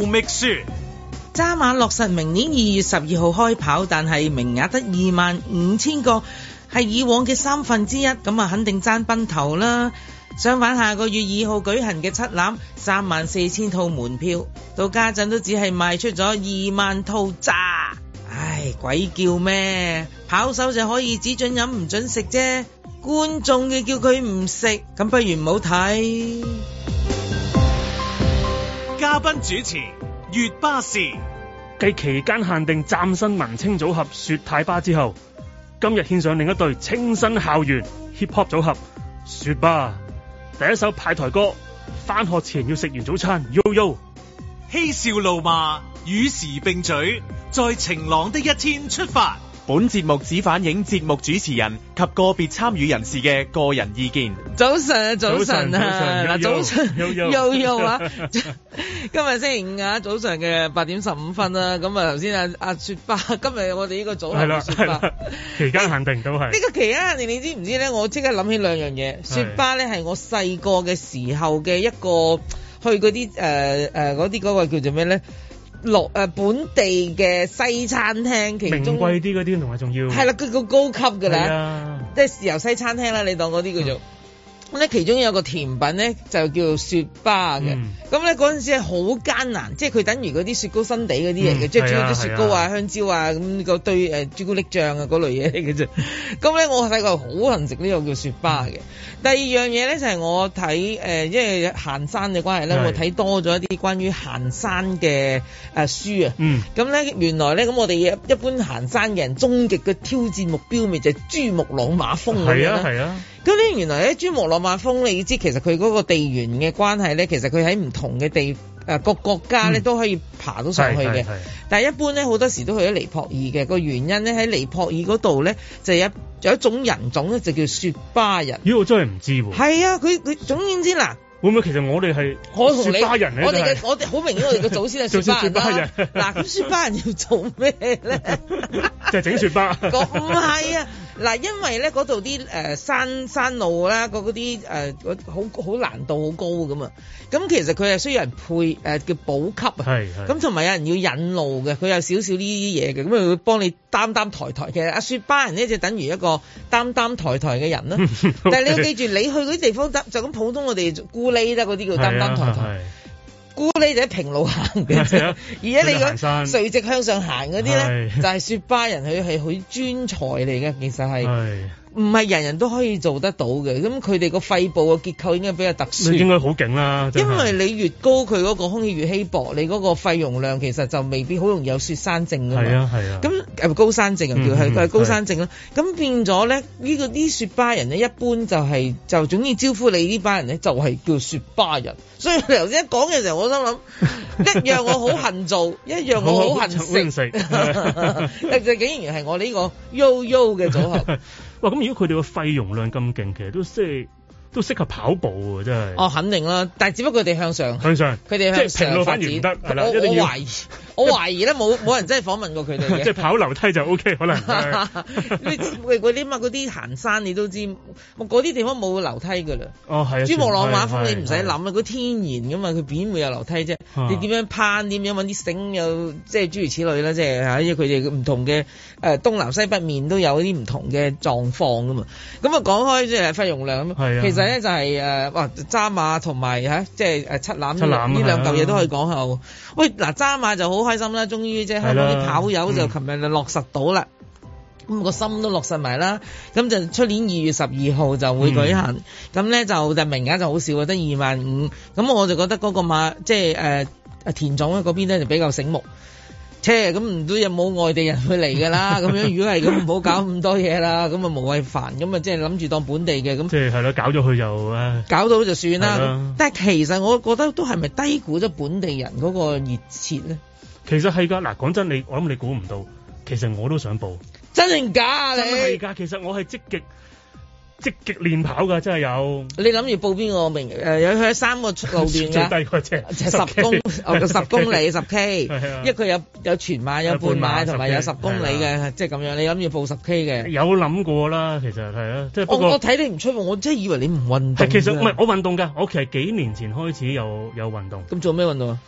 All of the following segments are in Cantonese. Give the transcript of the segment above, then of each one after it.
秘書揸馬落實明年二月十二號開跑，但係名額得二萬五千個，係以往嘅三分之一，咁啊肯定爭崩頭啦。相反下個月二號舉行嘅七欖三萬四千套門票，到家陣都只係賣出咗二萬套咋？唉，鬼叫咩？跑手就可以只准飲唔准食啫，觀眾嘅叫佢唔食，咁不如唔好睇。嘉賓主持月巴士繼期間限定嶄新文青組合雪太巴之後，今日獻上另一對清新校園 hip hop 組合雪巴。第一首派台歌《返學前要食完早餐》，Yo Yo，嬉笑怒罵與時並嘴，在晴朗的一天出發。本節目只反映節目主持人及個別參與人士嘅個人意見。早晨啊，早晨啊，早晨又又啊，今日星期五啊，早上嘅八點十五分啦。咁啊，頭先啊，Yo，啊，啊，啊雪巴，今日我哋呢個早係啦雪巴？期間限定都係。呢、啊這個期間限定，你知唔知咧？我即刻諗起兩樣嘢，雪巴咧係我細個嘅時候嘅一個去嗰啲誒誒嗰啲嗰個叫做咩咧？六誒，本地嘅西餐廳其實貴啲嗰啲同埋仲要係啦，佢個高級㗎啦。即係豉油西餐廳啦，你當嗰啲叫做。嗯咁咧其中有個甜品咧就叫做雪巴嘅，咁咧嗰陣時係好艱難，即係佢等於嗰啲雪糕新地嗰啲嘢嘅，即係主啲雪糕啊、嗯、香蕉啊咁、啊那個對誒、呃、朱古力醬啊嗰類嘢嚟嘅啫。咁 咧我細、這個好恨食呢個叫雪巴嘅、嗯。第二樣嘢咧就係、是、我睇誒、呃，因為行山嘅關係咧，我睇多咗一啲關於行山嘅誒、呃、書啊。咁、嗯、咧原來咧咁我哋一般行山嘅人，終極嘅挑戰目標咪就係珠穆朗瑪峯係啊係啊。咁咧，原來咧珠穆朗瑪峰，你知其實佢嗰個地緣嘅關係咧，其實佢喺唔同嘅地誒各國家咧都可以爬到上去嘅、嗯。但一般咧，好多時都去咗尼泊爾嘅個原因咧，喺尼泊爾嗰度咧就有有一種人種咧，就叫雪巴人。咦！我真係唔知喎。係啊，佢佢總言之嗱，會唔會其實我哋係雪巴人你我哋我哋好明顯，我哋嘅祖先係雪巴人嗱、啊，嗱、 啊， 雪巴人要做咩咧？ 就整雪巴。唔 係啊！嗱，因為咧嗰度啲誒山山路啦，嗰啲誒好好難度好高咁啊，咁其實佢係需要人配誒、呃、叫補給啊，咁同埋有人要引路嘅，佢有少少呢啲嘢嘅，咁佢會幫你擔擔抬抬嘅。其實阿雪巴人咧就等於一個擔擔抬抬嘅人啦， 但你要記住，你去嗰啲地方就咁普通，我哋孤呢啦嗰啲叫擔擔抬抬。咕喱就喺平路行嘅啫，而且你個垂直向上行嗰啲咧，就係說雪巴人佢係好專才嚟嘅，其實係。 是唔係人人都可以做得到嘅，咁佢哋個肺部嘅結構應該比較特殊，應該好勁啦。因為你越高，佢嗰個空氣越稀薄，你嗰個肺容量其實就未必好容易有雪山症嘛。係啊係啊。咁、啊、高山症又叫係佢係高山症啦。咁變咗咧，呢、這個啲雪巴人咧，一般就係、是、就總之招呼你呢班人咧，就係、是、叫雪巴人。所以頭先一講嘅時候，我都諗 一樣我好恨做， 一樣我好恨食，但係 是 竟然係我呢個 Yo Yo 嘅組合。 咁、哦、如果佢哋個肺容量咁勁，其實都，都適都適合跑步喎，真係。哦，肯定啦，但係只不過佢哋向上。向上。佢哋向上即係平路反而唔得，係啦。一定要 我懷疑咧，冇冇人真係訪問過佢哋嘅。 即係跑樓梯就 O、OK, K，可能。你嗰啲嘛，嗰啲行山你都知，嗰啲地方冇樓梯噶啦。哦，係、啊。珠穆朗瑪峰、啊啊、你唔使諗啦，佢、啊、天然噶嘛，佢邊會有樓梯啫、啊？你點樣攀？點樣揾啲繩有？又即係諸如此類啦，即係佢哋唔同嘅誒、啊、東南西北面都有啲唔同嘅狀況噶嘛。咁啊，講開即係肺容量其實咧就係誒哇揸馬同埋嚇，即係誒七攬，呢兩嚿嘢、啊、都可以講下喎。喂，嗱、啊、揸馬就好。開心啦！終於即係香港啲跑友就琴日就落實到啦，咁、嗯個心都落實埋啦。咁就出年二月十二號就會舉行。咁、嗯、咧就就名額就好少，得二萬五。咁我就覺得嗰個馬即係誒田總嗰邊咧就比較醒目。即係咁唔都有冇外地人去嚟噶啦。咁 樣如果係咁，唔好搞咁多嘢啦。咁啊無謂煩。咁啊即係諗住當本地嘅咁。即係係咯，搞咗佢就搞到就算啦。但係其實我覺得都係咪低估咗本地人嗰個熱切咧？其實係噶，嗱講真，你我諗你估唔到，其實我都想報，真定假啊？你係噶，其實我係積極積極練跑噶，真係有。你諗住報邊個名？誒、呃，有佢喺三個路段噶，最低嗰隻，十公十公，十公里十 K，因為佢有有全馬、有半馬，同埋有十公里嘅，即係咁樣。你諗住報十 K 嘅？有諗過啦，其實係啊，即係。我睇你唔出，我真係以為你唔運動。其實唔係，我運動噶，我其實幾年前開始有有運動。咁做咩運動啊？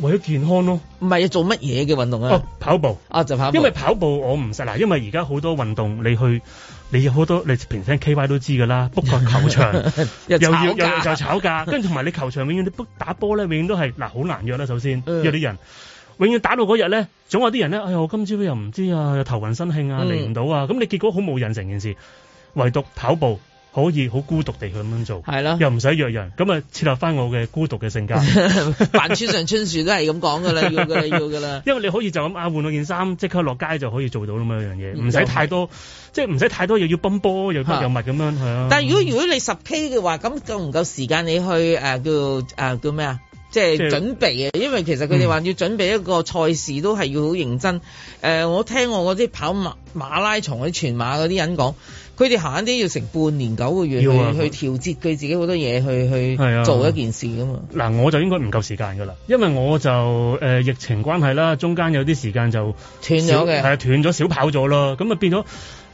為咗健康咯，唔係要做乜嘢嘅運動啊，啊？跑步啊，就跑步。因為跑步我唔識啦，因為而家好多運動你去，你好多你平時 K Y 都知噶啦，book 個球場 又要又就炒價，炒 跟住同埋你球場永遠你 book 打波咧，永遠都係嗱好難約啦、啊。首先約啲、嗯、人，永遠打到嗰日咧，總有啲人咧，哎呀我今朝又唔知啊，又頭暈身㷫啊，嚟唔到啊，咁、嗯、你結果好冇癮成件事，唯獨跑步。可以好孤獨地去咁樣做，係咯，又唔使約人，咁啊，設立翻我嘅孤獨嘅性格。扮 村上春樹都係咁講噶啦，要噶啦，要噶啦。因為你可以就咁啊，換咗件衫，即刻落街就可以做到咁樣樣嘢，唔、嗯、使太多，即係唔使太多又要奔波，啊、又乜又乜咁樣係啊。但係如果如果你十 K 嘅話，咁夠唔夠時間你去、呃、叫、呃、叫咩啊？即、就、係、是、準備啊、就是，因為其實佢哋話要準備一個賽事都係要好認真。誒、嗯呃，我聽我嗰啲跑馬，馬拉松去全馬嗰啲人講。佢哋閒啲要成半年九個月去、啊、去調節佢自己好多嘢去去做一件事噶嘛？嗱、啊，我就應該唔夠時間噶啦，因為我就誒、呃、疫情關係啦，中間有啲時間就斷咗嘅，係啊，斷咗少跑咗咯，咁啊變咗。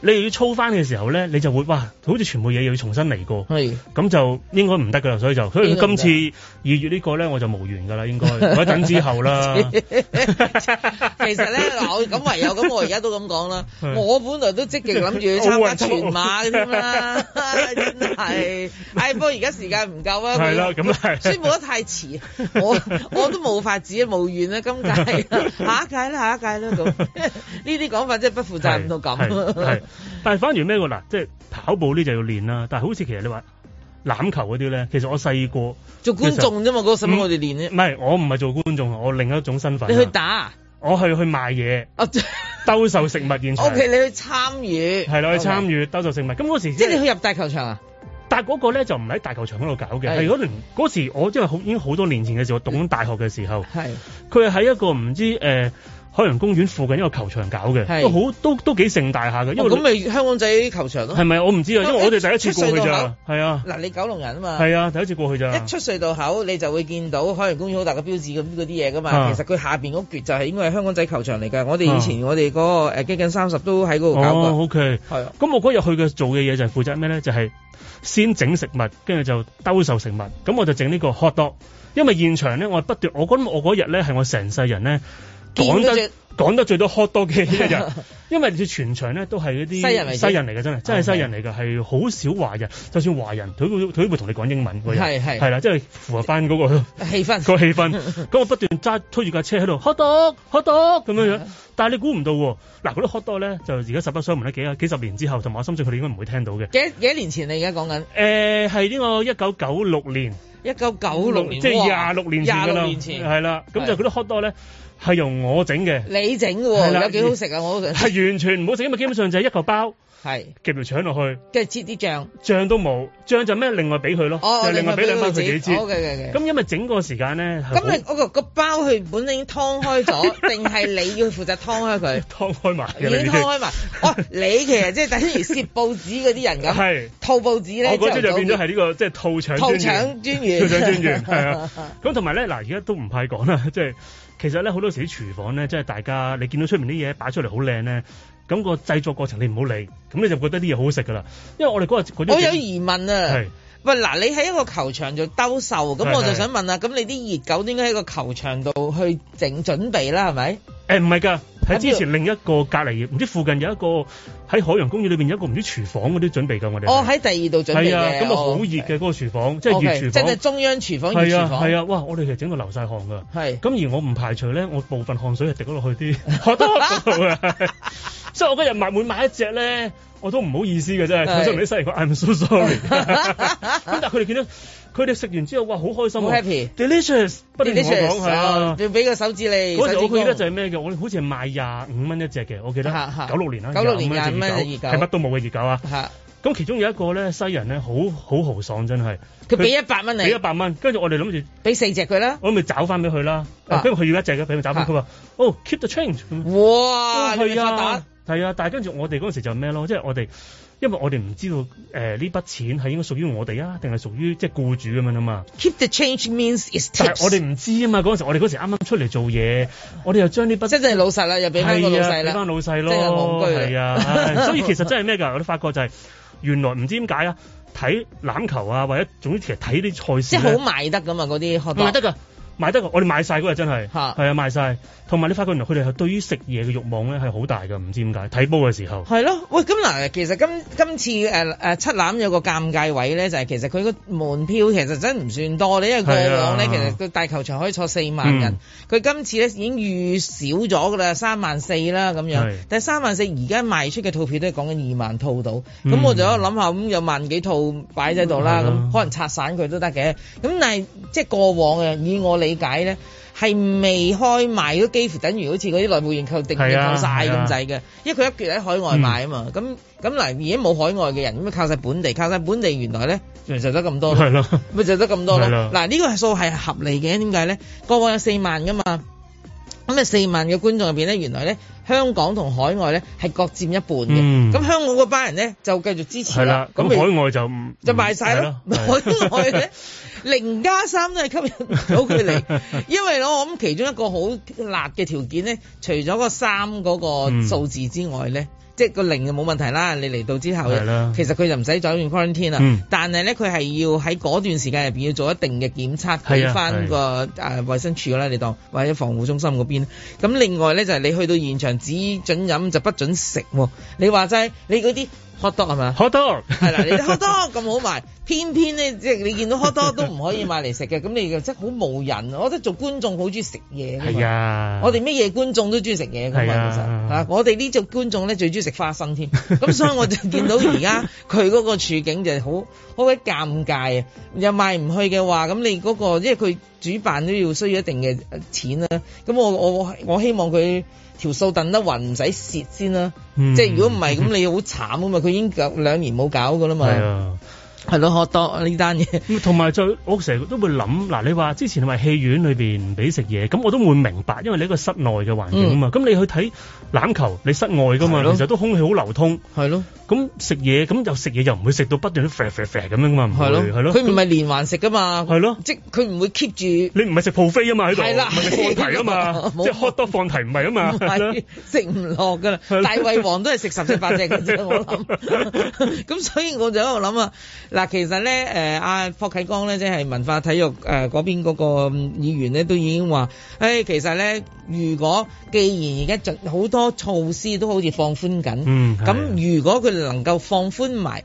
你又要操翻嘅時候咧，你就會哇，好似全部嘢又要重新嚟過，咁就應該唔得噶啦，所以就所以今次二月，月個呢個咧，我就無緣噶啦，應該唔 等之後啦。 其實咧嗱，我咁唯有咁，我而家都咁講啦，我本來都積極諗住去參加全馬嘅嘛，啦 超，真 係、 哎，唉，不過而家時間唔夠啊，所、就係、 宣布得太遲，我我都冇法子無緣啦，今屆 下一屆啦，下一屆啦，咁呢啲講法真係不負責任到咁。 但係翻完咩個嗱，即係跑步呢就要練啦。但係好似其實你話籃球嗰啲咧，其實我細個做觀眾啫嘛。嗰、嗯、時我哋練咧，唔係我唔係做觀眾，我另一種身份，啊。你去打，我去去賣嘢， 兜售食物現場。O、okay, K，你去參與，係啦，去參與，okay. 兜售食物。咁嗰時即係你去入大球場啊？但係嗰個咧就唔係喺大球場嗰度搞嘅，係嗰年嗰時我即係好已經好多年前嘅時候，我讀緊大學嘅時候，係佢係喺一個唔知誒。呃海洋公園附近一個球場搞嘅，都好都都幾盛大下嘅。因為咁咪、哦、香港仔球場咯、啊？係咪？我唔知啊，因為我哋第一次過去咋。係啊。嗱、啊，你九龍人啊嘛。係啊，第一次過去咋。一出隧道口，你就會見到海洋公園好大嘅標誌咁嗰啲嘢噶嘛、啊。其實佢下邊嗰橛就係應該係香港仔球場嚟㗎、啊。我哋以前我哋嗰、嗰個誒接近三十都喺嗰度搞過。啊、OK，係。咁、啊、我嗰日去嘅做嘅嘢就係負責咩咧？就係、係、先整食物，跟住就兜售食物。咁我就整呢個 hot dog，因為現場咧我係不斷。我覺得我嗰日咧係我成世人咧。講得講得最多 hot dog 嘅一日， 因為佢全場咧都係嗰啲西人嚟，西人嚟嘅真係，真係西人嚟嘅，係、嗯、好少華人。就算華人，佢佢都會同你講英文嘅，係系係啦，即係、就是、符合翻、那、嗰個氣氛， 個氣氣氛。咁 我不斷揸推住架車喺度 hot dog，hot dog 咁樣樣。但係你估唔到嗱，嗰、啊、啲 hot dog 咧就而家實不相瞞，幾幾十年之後同埋我深信佢哋應該唔會聽到嘅。幾幾年前你而家講緊？誒、係、呃、呢個一九九六年，一九九六年，即係廿六年前噶啦，係啦。咁就啲 hot dog 咧。係用我整嘅，你整嘅有幾好食啊！我都想係完全唔好食，因為基本上就係一個包，係夾條腸落去，跟住切啲醬，醬都冇，醬就咩？另外俾佢咯，哦、就是、另外俾兩蚊佢自己。咁、哦、因為整個時間咧，咁你嗰個個包佢本身已經劏開咗，定 係你要負責劏開佢？劏 開埋，已經劏開埋。開 哦，你其實即係等於摺報紙嗰啲人咁，套 報紙咧就變咗係呢個即係套腸專員。套腸專員，係 啊專。咁同埋咧，嗱，而家都唔怕講啦，即係。其實咧好多時啲廚房咧，即係大家你見到出面啲嘢擺出嚟好靚咧，咁個製作過程你唔好理，咁你就覺得啲嘢好好食㗎喇。因為我哋嗰日嗰啲，好有疑問啊。喂嗱，你喺一個球場就兜售，咁我就想問啦，咁你啲熱狗應該喺個球場度去整準備啦？係咪？誒，唔係噶，喺之前另一個隔離，唔知附近有一個喺海洋公園裏邊有一個唔知廚房嗰啲準備噶，我哋。哦，喺第二度準備啊，咁啊好熱嘅嗰、okay. 個廚房，即係熱廚房，即、okay, 係中央廚房。係啊，係啊，哇！我哋其實整個流晒汗噶，係。咁而我唔排除咧，我部分汗水係滴咗落去啲， 都 所以我都我都，即係我今日買每買一隻咧。我都唔好意思嘅真係，我想同啲西人講 I'm so sorry。咁 但係佢哋見到，佢哋食完之後，哇好開心，happy，delicious，、啊、不斷同我講係啦，要俾個手指你。嗰陣我記得就係咩嘅，我哋好似係賣廿五蚊一隻嘅。我記得九六年啦，九六年廿五蚊熱狗，係乜都冇嘅熱狗啊。咁其中有一個咧，西人咧好好豪爽真係，佢俾一百蚊你，俾一百蚊，跟住我哋諗住俾四隻佢啦，我咪找翻俾佢啦。跟住佢要一隻嘅，俾佢找翻，佢話：哦，keep the change。哇，哦、你發達係啊，但係跟住我哋嗰陣時就咩咯，即係我哋因為我哋唔知道誒呢、呃、筆錢係應該屬於我哋啊，定係屬於即係雇主咁樣啊嘛。Keep the change means it's tips 我。我哋唔知啊嘛，嗰陣時我哋嗰陣啱啱出嚟做嘢，我哋又將呢筆錢即係老實啦，又俾翻個老細啦，俾翻、啊、老細咯。係、就是、啊、啊，所以其實真係咩㗎？我哋發覺就係、是、 原來唔知點解啊，睇欖球啊，或者總之其實睇啲賽事。即係好賣得㗎嘛，嗰啲開唔係得㗎。買得我哋買晒嗰日真係，係啊賣晒，同埋你發覺原來佢哋係對於食嘢嘅欲望咧係好大噶，唔知點解睇波嘅時候係咯，喂咁嗱，其實今今次誒誒七欖有個尷尬位咧，就係其實佢個門票其實真唔算多，你因為過往咧其實個大球場可以坐四萬人，佢今次咧已經預少咗噶啦，三萬四啦咁樣，但係三萬四而家賣出嘅套票都係講緊二萬套到，咁我就諗下咁有萬幾套擺喺度啦，咁可能拆散佢都得嘅，咁但係即係過往嘅以我。理解咧，係未開賣都幾乎等於好似嗰啲內部員購定晒咁滯嘅，因為佢一撅喺海外賣啊嘛，咁咁嗱而家冇海外嘅人，咁咪靠晒本地，靠晒本地原來咧，咪就得咁多咯，咪就得咁多咯，嗱呢個數係合理嘅，點解咧？個個有四萬㗎嘛，咁啊四萬嘅觀眾入邊咧，原來咧。香港同海外咧係各佔一半嘅，咁、嗯、香港嗰班人咧就繼續支持佢啦。咁海外就唔就賣晒啦，海外呢，零加三都係吸引唔到佢嚟， 因為我諗其中一個好辣嘅條件咧，除咗個三嗰個數字之外咧。嗯即係個零就冇問題啦，你嚟到之後，其實佢就唔使再變 quarantine 啦。但係咧，佢係要喺嗰段時間入邊要做一定嘅檢測，去翻個誒、呃、衛生署啦，你當或者防護中心嗰邊。咁另外咧就係、是、你去到現場只准飲就不准食。你話齋你嗰啲。Hot dog 係嘛？Hot dog 係啦，你 Hot dog 咁好賣，偏偏咧即係你見到 Hot dog 都唔可以買嚟食嘅，咁 你就即係好無人。我覺得做觀眾好中意食嘢嘅嘛，我哋乜嘢觀眾都中意食嘢嘅嘛，其實嚇我哋呢做觀眾咧最中意食花生添。咁 所以我就見到而家佢嗰個處境就好好鬼尷尬啊！又賣唔去嘅話，咁你嗰、嗰個即係佢主辦都要需要一定嘅錢啦。咁我我我希望佢。條數等得勻唔使蝕先啦，嗯、即係如果唔係咁，你好慘啊嘛！佢已經兩年冇搞噶啦嘛。哎係咯，喝多呢單嘢。同埋就，我成日都會諗，嗱，你話之前係咪戲院裏邊唔俾食嘢，咁我都會明白，因為你一個室內嘅環境啊嘛。咁你去睇籃球，你室外噶嘛，其實都空氣好流通。係咯。咁食嘢，咁又食嘢又唔會食到不斷啡啡啡咁樣噶嘛，唔會，係咯。佢唔係連環食噶嘛。係咯。即係佢唔會 keep 住。你唔係食 buffet 啊嘛喺度，係啦，放題啊嘛，即係喝多放題唔係啊嘛，食唔落噶啦。大胃王都係食十隻八隻嘅啫，我諗。咁所以我就喺度諗啊。嗱，其實咧，誒、呃、阿霍啟剛咧，即係文化體育誒嗰邊嗰個議員咧，都已經話，誒、哎、其實咧，如果既然而家盡好多措施都好似放寬緊，嗯，咁如果佢能夠放寬埋，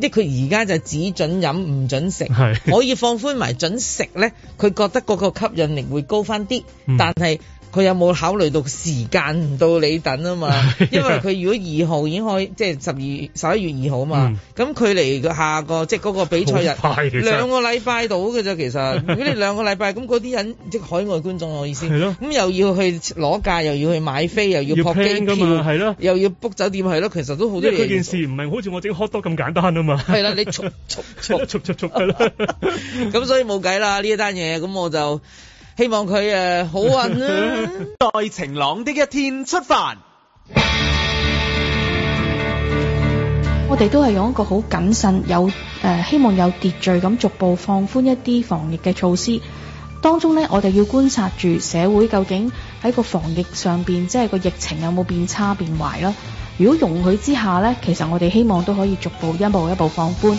即佢而家就只準飲唔準食，係可以放寬埋準食咧，佢覺得嗰個吸引力會高翻啲，嗯，但係。佢有冇考慮到時間唔到你等啊嘛？因為佢如果二號已經開，即係十二十一月二號啊嘛。咁、嗯、距離下個即係嗰個比賽日兩個禮拜到嘅啫。其實如果你兩個禮拜咁，嗰啲人即係海外觀眾，我意思。係咯。咁又要去攞假，又要去買飛，又要撲機票，係咯，又要 book 酒店，係 咯。其實都好多嘢。佢件事唔係好似我整 hot dog 咁簡單啊嘛。係啦，你逐逐 book 逐逐啦。咁所以冇計啦，呢一單嘢咁我就。希望佢誒、啊，好運啦、啊！在 晴朗的一天出發。 我哋都係用一個好謹慎，有誒、呃，希望有秩序咁逐步放寬一啲防疫嘅措施。當中咧，我哋要觀察住社會究竟喺個防疫上邊，即係個疫情有冇變差變壞啦。如果容許之下咧，其實我哋希望都可以逐步一步一步放寬。今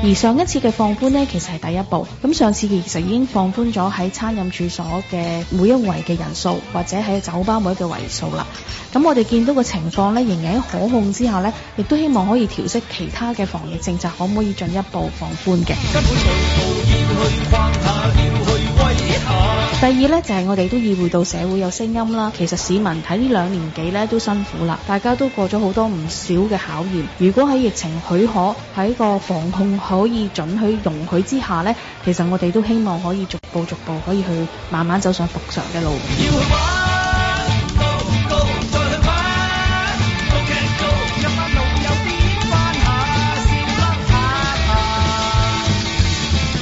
而上一次嘅放寬咧，其實係第一步。咁上次其實已經放寬咗喺餐飲處所嘅每一圍嘅人數，或者喺酒吧每一個圍數啦。咁我哋見到個情況咧，仍然喺可控之下咧，亦都希望可以調適其他嘅防疫政策，可唔可以進一步放寬嘅？第二咧，就係我哋都意會到社會有聲音啦。其實市民睇呢兩年幾咧都辛苦啦，大家都過咗好多唔少嘅考驗，如果喺疫情許可喺個防控，可以準許容許之下呢，其實我哋都希望可以逐步逐步可以去慢慢走上復常嘅路。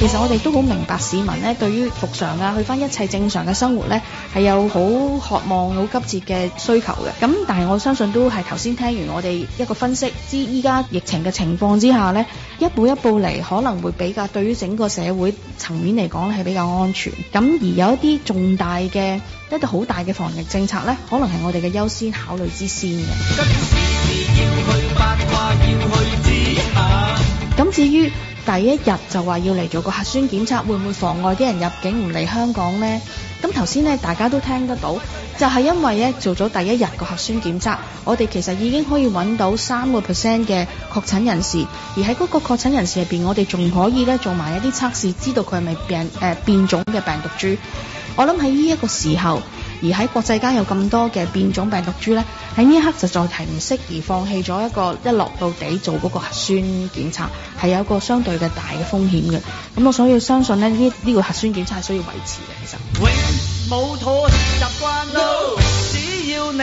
其實我哋都好明白市民咧，對於復常啊，去返一切正常嘅生活咧，係有好渴望、好急切嘅需求嘅。咁但係我相信都係頭先聽完我哋一個分析，知依家疫情嘅情況之下咧，一步一步嚟可能會比較，對於整個社會層面嚟講係比較安全。咁而有一啲重大嘅，一度好大嘅防疫政策咧，可能係我哋嘅優先考慮之先嘅。今至於第一日就話要嚟做個核酸檢測，會唔會妨礙啲人入境唔嚟香港呢？咁頭先咧，大家都聽得到，就係因為咧做咗第一日個核酸檢測，我哋其實已經可以揾到三個 percent 嘅確診人士，而喺嗰個確診人士入邊，我哋仲可以咧做埋一啲測試，知道佢係咪病誒、呃、變種嘅病毒株。我諗喺呢一個時候，而喺國際間有咁多嘅變種病毒株呢，喺呢一刻實在唔適宜，而放棄咗一個一落到地做嗰個核酸檢查，係有一個相對嘅大嘅風險嘅。咁我所以要相信呢，呢、呢個核酸檢查係需要維持嘅。其實。永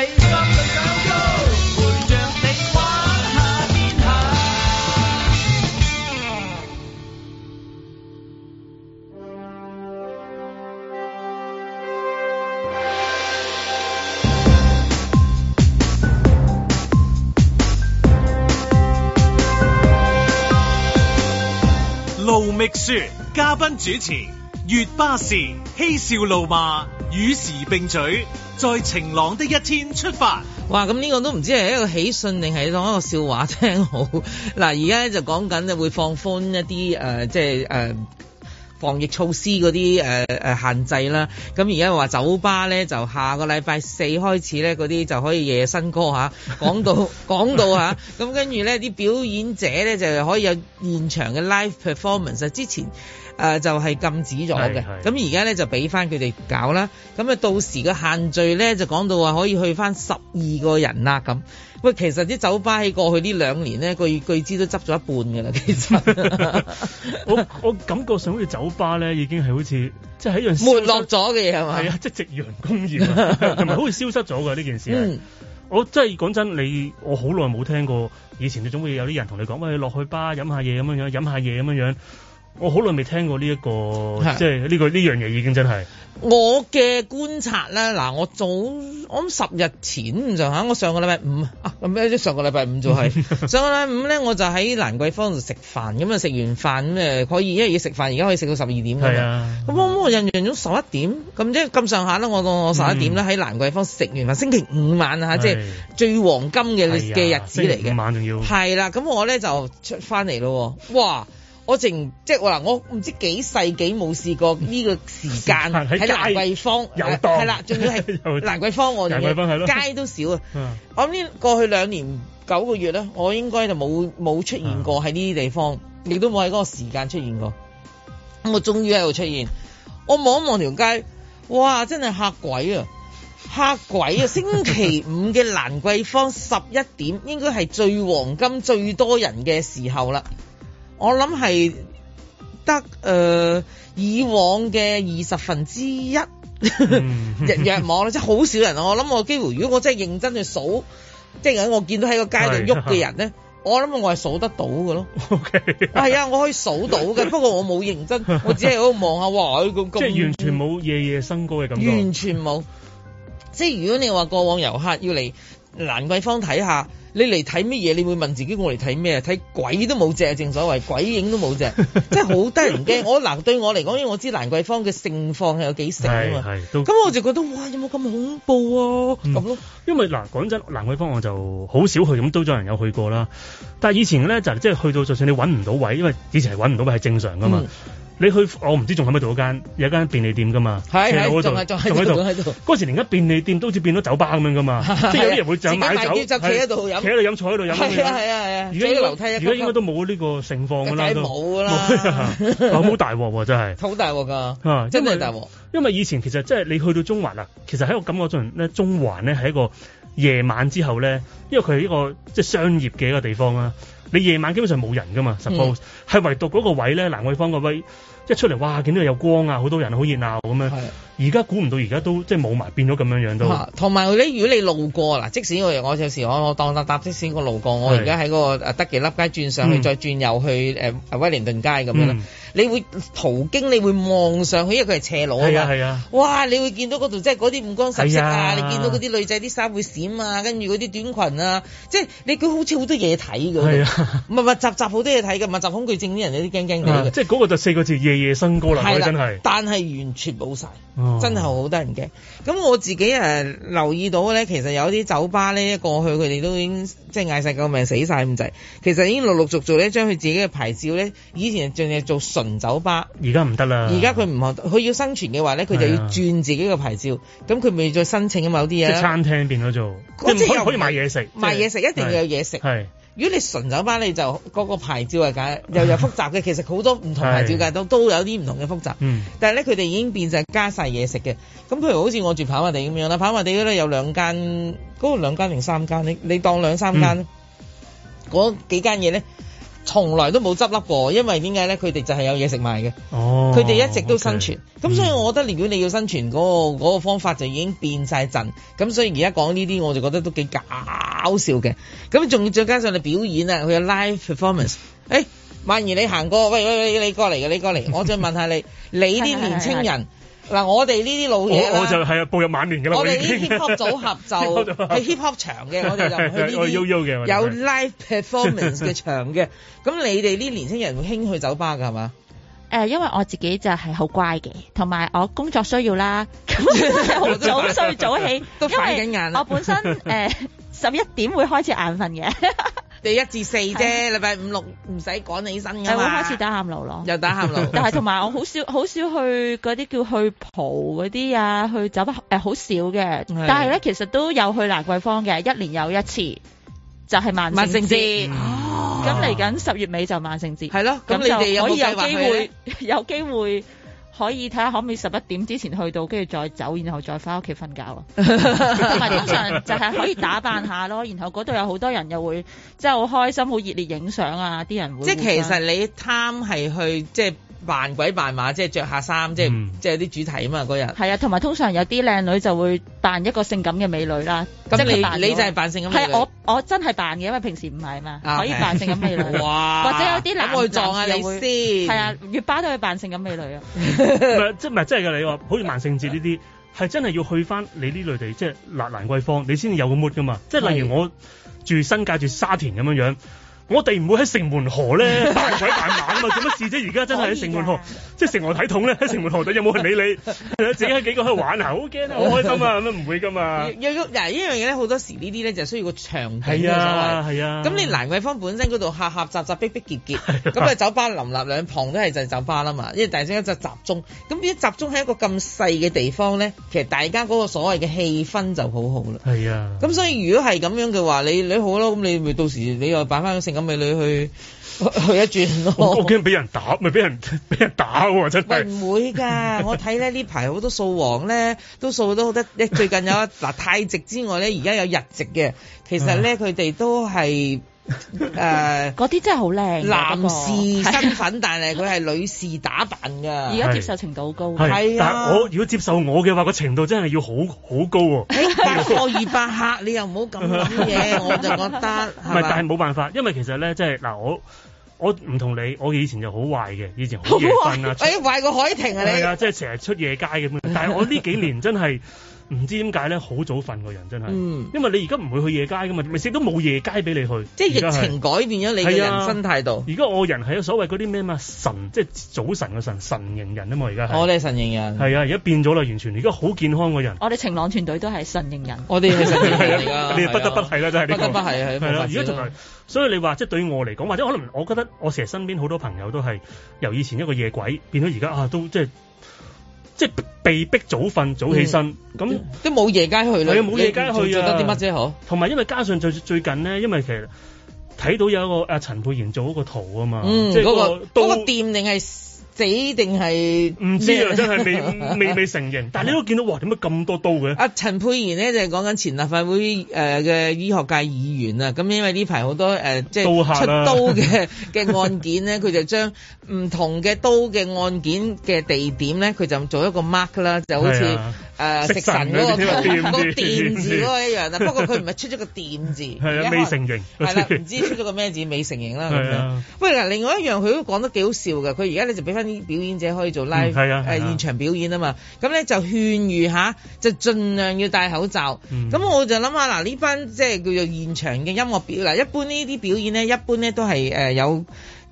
杜密說，嘉賓主持，粵巴士嬉笑怒罵，與時並舉，在晴朗的一天出發。哇，咁呢個都唔知係一個喜訊定係當一個笑話聽好。嗱，而家咧就講緊就會放寬一啲誒、呃，即係誒。呃防疫措施嗰啲、呃呃、限制啦，咁而家話酒吧咧就下個禮拜四開始咧嗰啲就可以夜，夜新歌吓，講到講到吓，咁 跟住咧啲表演者咧就可以有現場嘅 live performance，之前誒、呃、就係、係、禁止咗嘅，咁而家咧就俾翻佢哋搞啦，咁啊到時嘅限聚咧就講到話可以去翻十二個人啦咁。喂，其實啲酒吧喺過去呢兩年咧，據據知都執咗一半嘅啦。其實，我我感覺上好似酒吧咧，已經係好似即係喺樣沒落咗嘅嘢係嘛？係啊，即係夕陽工業，係咪？好似消失咗嘅呢件事、嗯我。我真係講真，你我好耐冇聽過，以前你總會有啲人同你講，喂、哎，落去吧飲下嘢咁樣樣，飲下嘢咁樣樣。喝我好耐未聽過呢、這、一個，啊、即係呢、這個呢、這個、樣嘢已經真係。我嘅觀察咧，嗱，我早我諗十日前就下，我上個禮拜五啊咩？上個禮拜五就係、是、 上個禮拜五咧，我就喺蘭桂坊度食飯，咁啊食完飯咁可以，因為要食飯，而家可以食到十二點咁係啊，嗯嗯嗯嗯嗯嗯嗯、啊。咁我印象中十一點咁即係咁上下啦，我我十一點咧喺蘭桂坊食完飯，星期五晚即係最黃金嘅嘅日子嚟嘅。星期五晚仲要。係啦、啊，咁我咧就出翻嚟咯，哇！我淨即係話，我唔知幾世紀冇試過呢個時間喺蘭桂坊遊蕩，係啦，仲要係蘭桂坊，啊、桂坊 我街，坊街都少啊、嗯。我諗呢，過去兩年九個月咧，我應該就冇冇出現過喺呢啲地方，亦、嗯、都冇喺嗰個時間出現過。咁我終於喺度出現，我望一望條街，哇，真係嚇鬼啊！嚇鬼啊！星期五嘅蘭桂坊十一 點，應該係最黃金、最多人嘅時候啦。我諗係得誒、呃、以往嘅二十分之一日日望即係好少人我諗我幾乎，如果我真係認真去數，即、就、係、是、我見到喺個街度喐嘅人咧， 我諗我係數得到㗎咯。OK，係 啊、哎，我可以數到嘅， 不過我冇認真，我只係喺度望下。哇，咁咁即係完全冇夜夜笙歌嘅感覺。完全冇。即係如果你話過往遊客要嚟。蘭桂坊睇下，你嚟睇乜嘢？你會問自己我嚟睇咩？睇鬼都冇隻，正所謂鬼影都冇隻，真係好得人驚。 我嗱對我嚟講，因為我知蘭桂坊嘅盛況係有幾盛啊嘛，咁我就覺得哇，有冇咁恐怖啊咁咯、嗯。因為嗱講真，蘭桂坊我就好少去，咁都咗人有去過啦。但係以前咧就即、係、係去到，就算你揾唔到位，因為以前係揾唔到位係正常㗎嘛。嗯你去我唔知仲喺咩度嗰間有間便利店噶嘛？喺喺仲喺仲喺度度。嗰時連間便利店都好似變咗酒吧咁樣噶嘛？即係有啲人會就買酒，喺度企喺度飲，坐喺度飲。係啊係啊係啊！而家啲樓梯，而家應,應該都冇呢個盛況噶啦都冇啦。好大鑊喎，真係。好大鑊㗎。真係大鑊。因為以前其實即係你去到中環啊，其實喺我感覺上咧，中環咧係一個夜晚之後咧，因為佢係一個即係商業嘅一個地方啦。你夜晚基本上冇人噶嘛，suppose 係唯獨嗰個位咧，蘭桂坊嗰位一出嚟，哇，見到有光啊，好多人，好熱鬧咁樣。而家估唔到，而家都即係冇埋，變咗咁樣樣都。同埋你如果你路過嗱，即使我我有時我我當搭搭的士個路過，我而家喺嗰個德己立街轉上去，再轉右去誒威靈頓街咁樣啦。你會途經，你會望上去，因為佢係斜攞啊嘛。係啊係啊！哇，你會見到嗰度，即係嗰啲五光十色啊！啊你見到嗰啲女仔啲衫會閃啊，跟住嗰啲短裙啊，即係你佢好似好多嘢睇噶。係啊，密集集好多嘢睇噶，密集恐懼症啲人有啲驚驚哋嘅。即係嗰個就四個字，夜夜笙歌啦，啊，真係。但係完全冇晒，哦，真係好得人驚。咁我自己、啊、留意到咧，其實有啲酒吧咧，過去佢哋都已經即係嗌晒救命死晒咁滯，其實已經陸陸續續咧將佢自己嘅牌照咧，以前淨係做純酒吧，而家唔得啦。而家佢唔可，佢要生存嘅話咧，佢就要轉自己嘅牌照。咁佢咪再申請某啲嘢？即係餐廳變咗做，即係又可以買嘢食，就是、買嘢食一定要有嘢食。係。如果你純走翻你就嗰個牌照啊，梗又有複雜嘅。其實好多唔同嘅牌照嘅都 都有啲唔同嘅複雜。嗯。但係咧，佢哋已經變成加晒嘢食嘅。咁譬如好似我住跑馬地咁樣啦，跑馬地嗰度有兩間，嗰、嗰個兩間定三間，你你當兩三間嗰、嗯、幾間嘢咧。從來都冇執笠過，因為點解呢？佢哋就係有嘢食賣嘅，佢、oh, 哋一直都生存。咁、okay. 所以，我覺得如果你要生存嗰、嗯那個方法就已經變晒陣。咁所以而家講呢啲，我就覺得都幾搞笑嘅。咁仲要再加上你表演啊，佢有 live performance。誒、欸，萬兒你行過，喂喂喂，你過嚟嘅，你過嚟，我再問下你， 你啲年青人。 嗱、啊，我哋呢啲老嘢我，我就係啊步入晚年嘅啦。我哋呢 hip hop 組合就去 hip hop 場嘅， 我哋就去呢啲有 live performance 嘅場嘅。咁 你哋呢，年青人會興去酒吧㗎係嘛？誒、呃，因為我自己就係好乖嘅，同埋我工作需要啦。咁早睡早起 都眼，因為我本身誒十一點會開始眼瞓嘅。 你一至四啫，禮拜五六唔使趕起身㗎嘛，係會開始打喊露咯，又打喊露。 但係同埋我好少好少去嗰啲叫去蒲嗰啲啊，去走得呃、好少嘅。但係咧，其實都有去蘭桂坊嘅，一年有一次，就係、是、萬聖節。咁嚟緊十月尾就萬聖節。係咯，咁你哋可以有機會有機會。 可以睇下可唔可以十一點之前去到，跟住再走，然後再翻屋企瞓覺咯。同埋通常就係可以打扮下咯， 然後嗰度有好多人又會即係好開心、好熱烈影相啊！啲人會即係其實你貪係去即係。扮鬼扮馬即係着下衫，即係即係、嗯、有啲主題啊嘛嗰日。係啊，同埋通常有啲靚女就會扮一個性感嘅美女啦。咁你即係扮你就係扮性感美女？係我我真係扮嘅，因為平時唔係嘛，可、okay. 以扮性感美女。哇！或者有啲男嘅撞下你先。係、嗯、啊，月巴都可以扮性感美女啊 即係唔係真係嘅？你話好似萬聖節呢啲係真係要去翻你呢類地，即係蘭桂坊，你先至有個 mood 噶嘛？即係例如我住新界住沙田咁樣樣。 我哋唔會喺城門河咧扮鬼扮馬啊嘛，做乜事啫？而家真係喺城門河，即係城河體統咧喺城門河度有冇人理你？自己喺幾個去玩啊？好驚啊！好開心啊！咁啊唔會噶嘛？有嗱，依樣嘢咧好多時呢啲咧就係、需要個場景嘅所謂係啊，係啊。咁你蘭桂坊本身嗰度客客雜雜、逼逼結結，咁啊酒吧林立兩旁都係就係酒吧啦嘛，因為大陣間就集中，咁一集中喺一個咁細嘅地方咧，其實大家嗰個所謂嘅氣氛就好好啦。係啊。咁所以如果係咁樣嘅話，你你好咯，咁你咪到時你又擺翻個咁咪你去去，去一轉咯，啊，我驚俾人打，咪俾人俾人打喎，啊，真係。唔會㗎， 我睇咧呢排好多掃黃咧，都掃到好多。一最近有嗱 泰籍之外咧，而家有日籍嘅，其實咧佢哋都係。誒、uh, 啊，嗰啲真係好靚，男士身份， 但係佢係女士打扮噶。而家接受程度高，係啊。但我如果接受我嘅話，個程度真係要好好高喎、啊。誒，二百克，你又唔好咁諗嘢， 我就覺得係 但係冇辦法，因為其實咧，即係嗱，我我唔同你，我以前就好壞嘅，以前好夜瞓啊，仲要壞， 壞過海婷啊，你 係啊，即係成日出夜街咁。 但係我呢幾年真係。 唔知點解咧？好早瞓個人真係，嗯、因為你而家唔會去夜街噶嘛，咪成日都冇夜街俾你去。即係疫情改變咗你嘅人生態度、啊。而家我個人係有所謂嗰啲咩嘛晨，即係早晨嘅晨晨型人啊嘛，而家係。我哋晨型人。係啊，而家變咗啦，完全而家好健康嘅人。我哋晴朗團隊都係晨型人，我哋係晨型人。我哋係晨型人。你不得不係啦，真係不得不係啦，所以你話即係對於我嚟講，或者可能我覺得我成日身邊好多朋友都係由以前一個夜鬼變到而家啊，都即係即係被逼早瞓早起身，咁、嗯、都冇夜街去啦，冇、啊、夜街去啊！做得啲乜啫？嗬！同埋因為加上最最近咧，因為其實睇到有一個阿陳佩妍做嗰個圖啊嘛，嗯、即係、嗰、嗰個嗰、嗰個嗰個店定係。死定係唔知啊！真係未未未承認， 但係你都見到，哇點解咁多刀嘅？阿、啊、陳沛然呢，就係講緊前立法會嘅、呃、醫學界議員啊，咁因為呢排好多即係、呃就是、出刀嘅嘅、呃、 案件咧，佢就將唔同嘅刀嘅案件嘅地點咧，佢就做一個 mark 啦，就好似，啊誒、呃、食神嗰、那個 個電字嗰個一樣啦， 不過佢唔係出咗個電字，係 未可 成型，係啦，唔知出咗個咩字，未成型啦咁樣。喂嗱，另外一樣佢都講得幾好笑嘅，佢而家咧就俾翻啲表演者可以做 live 誒、嗯啊啊呃、現場表演啊嘛。咁咧就勸喻下就盡量要戴口罩。咁、嗯、我就諗下嗱，呢班即係叫做現場嘅音樂表嗱，一般呢啲表演咧，一般咧都係誒、呃、有。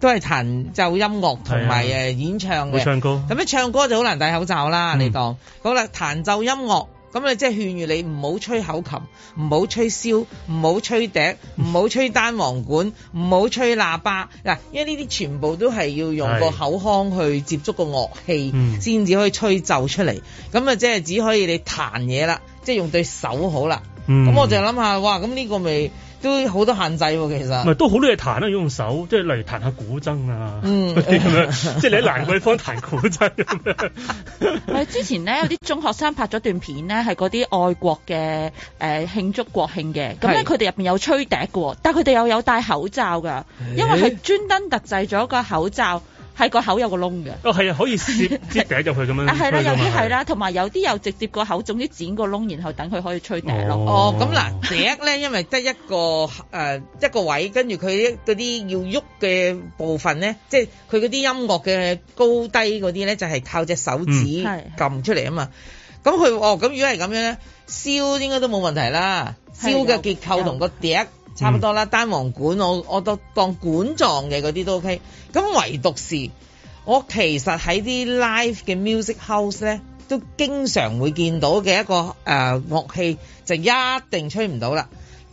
都係彈奏音樂同埋演唱嘅，咁樣、啊、唱，唱歌就好難戴口罩啦。你當好啦，嗯那個、彈奏音樂，咁你即係勸喻你唔好吹口琴，唔好吹簫，唔好吹笛，唔好吹單簧管，唔好吹，吹喇叭嗱、嗯，因為呢啲全部都係要用個口腔去接觸個樂器先至、嗯、可以吹奏出嚟，咁啊即係只可以你彈嘢啦，即、就、係、是、用對手好啦。咁、嗯、我就諗下，哇！咁呢個咪～都好多限制喎、哦，其實。唔係都好多嘢彈啦，用手即係嚟彈下古箏啊，嗯嗰啲咁樣，即係你喺蘭桂坊彈古箏咁樣。 啊、 之前咧，有啲中學生拍咗段片咧，係嗰啲愛國嘅誒、呃、慶祝國慶嘅，咁咧佢哋入面有吹笛嘅、哦，但佢哋又有戴口罩㗎、欸，因為係專登特製咗個口罩。係個口有個窿嘅，哦係啊，可以攝啲笛入去咁 樣去，啊係啦，有啲係啦，同埋有啲又直接個口總之剪個窿，然後等佢可以吹笛咯。哦，咁嗱笛咧，因為得一個誒、呃、一個位，跟住佢嗰啲要喐嘅部分咧，即係佢嗰啲音樂嘅高低嗰啲咧，就係、是、靠隻手指撳、嗯、出嚟啊嘛。咁佢哦咁如果係咁樣咧，燒應該都冇問題啦。燒嘅結構同個笛。差不多啦、嗯，單簧管我我都當管狀嘅嗰啲都 OK。咁唯獨是我其實喺啲 live 嘅 music house 咧，都經常會見到嘅一個誒、呃、樂器就一定吹唔到啦。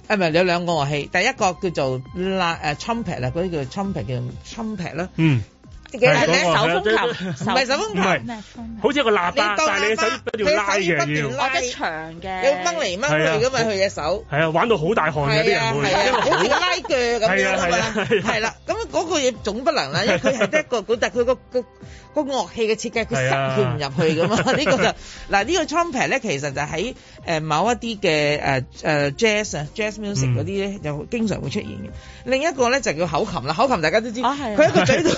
誒唔係你有兩個樂器，第一個叫做拉誒 trumpet 啊，嗰啲叫做 trumpet 叫 trumpet 啦。嗯。自己係咧手風琴，唔係手風琴，好似個拉拉帶拉，你手要不斷拉得長嘅，要掹嚟掹去噶嘛佢隻手。係啊，玩到好大汗嘅啲人，好似個拉鋸咁啊嘛，係啦，咁嗰個嘢總不能啦，因為佢係得一個，但係佢個個個樂器嘅設計佢塞唔入去噶嘛。呢個就嗱呢個 trumpet 咧，其實就喺誒某一啲嘅誒誒 jazz 啊 jazz music 嗰啲咧，就經常會出現嘅。另一個咧就叫口琴啦，口琴大家都知，佢一個嘴度。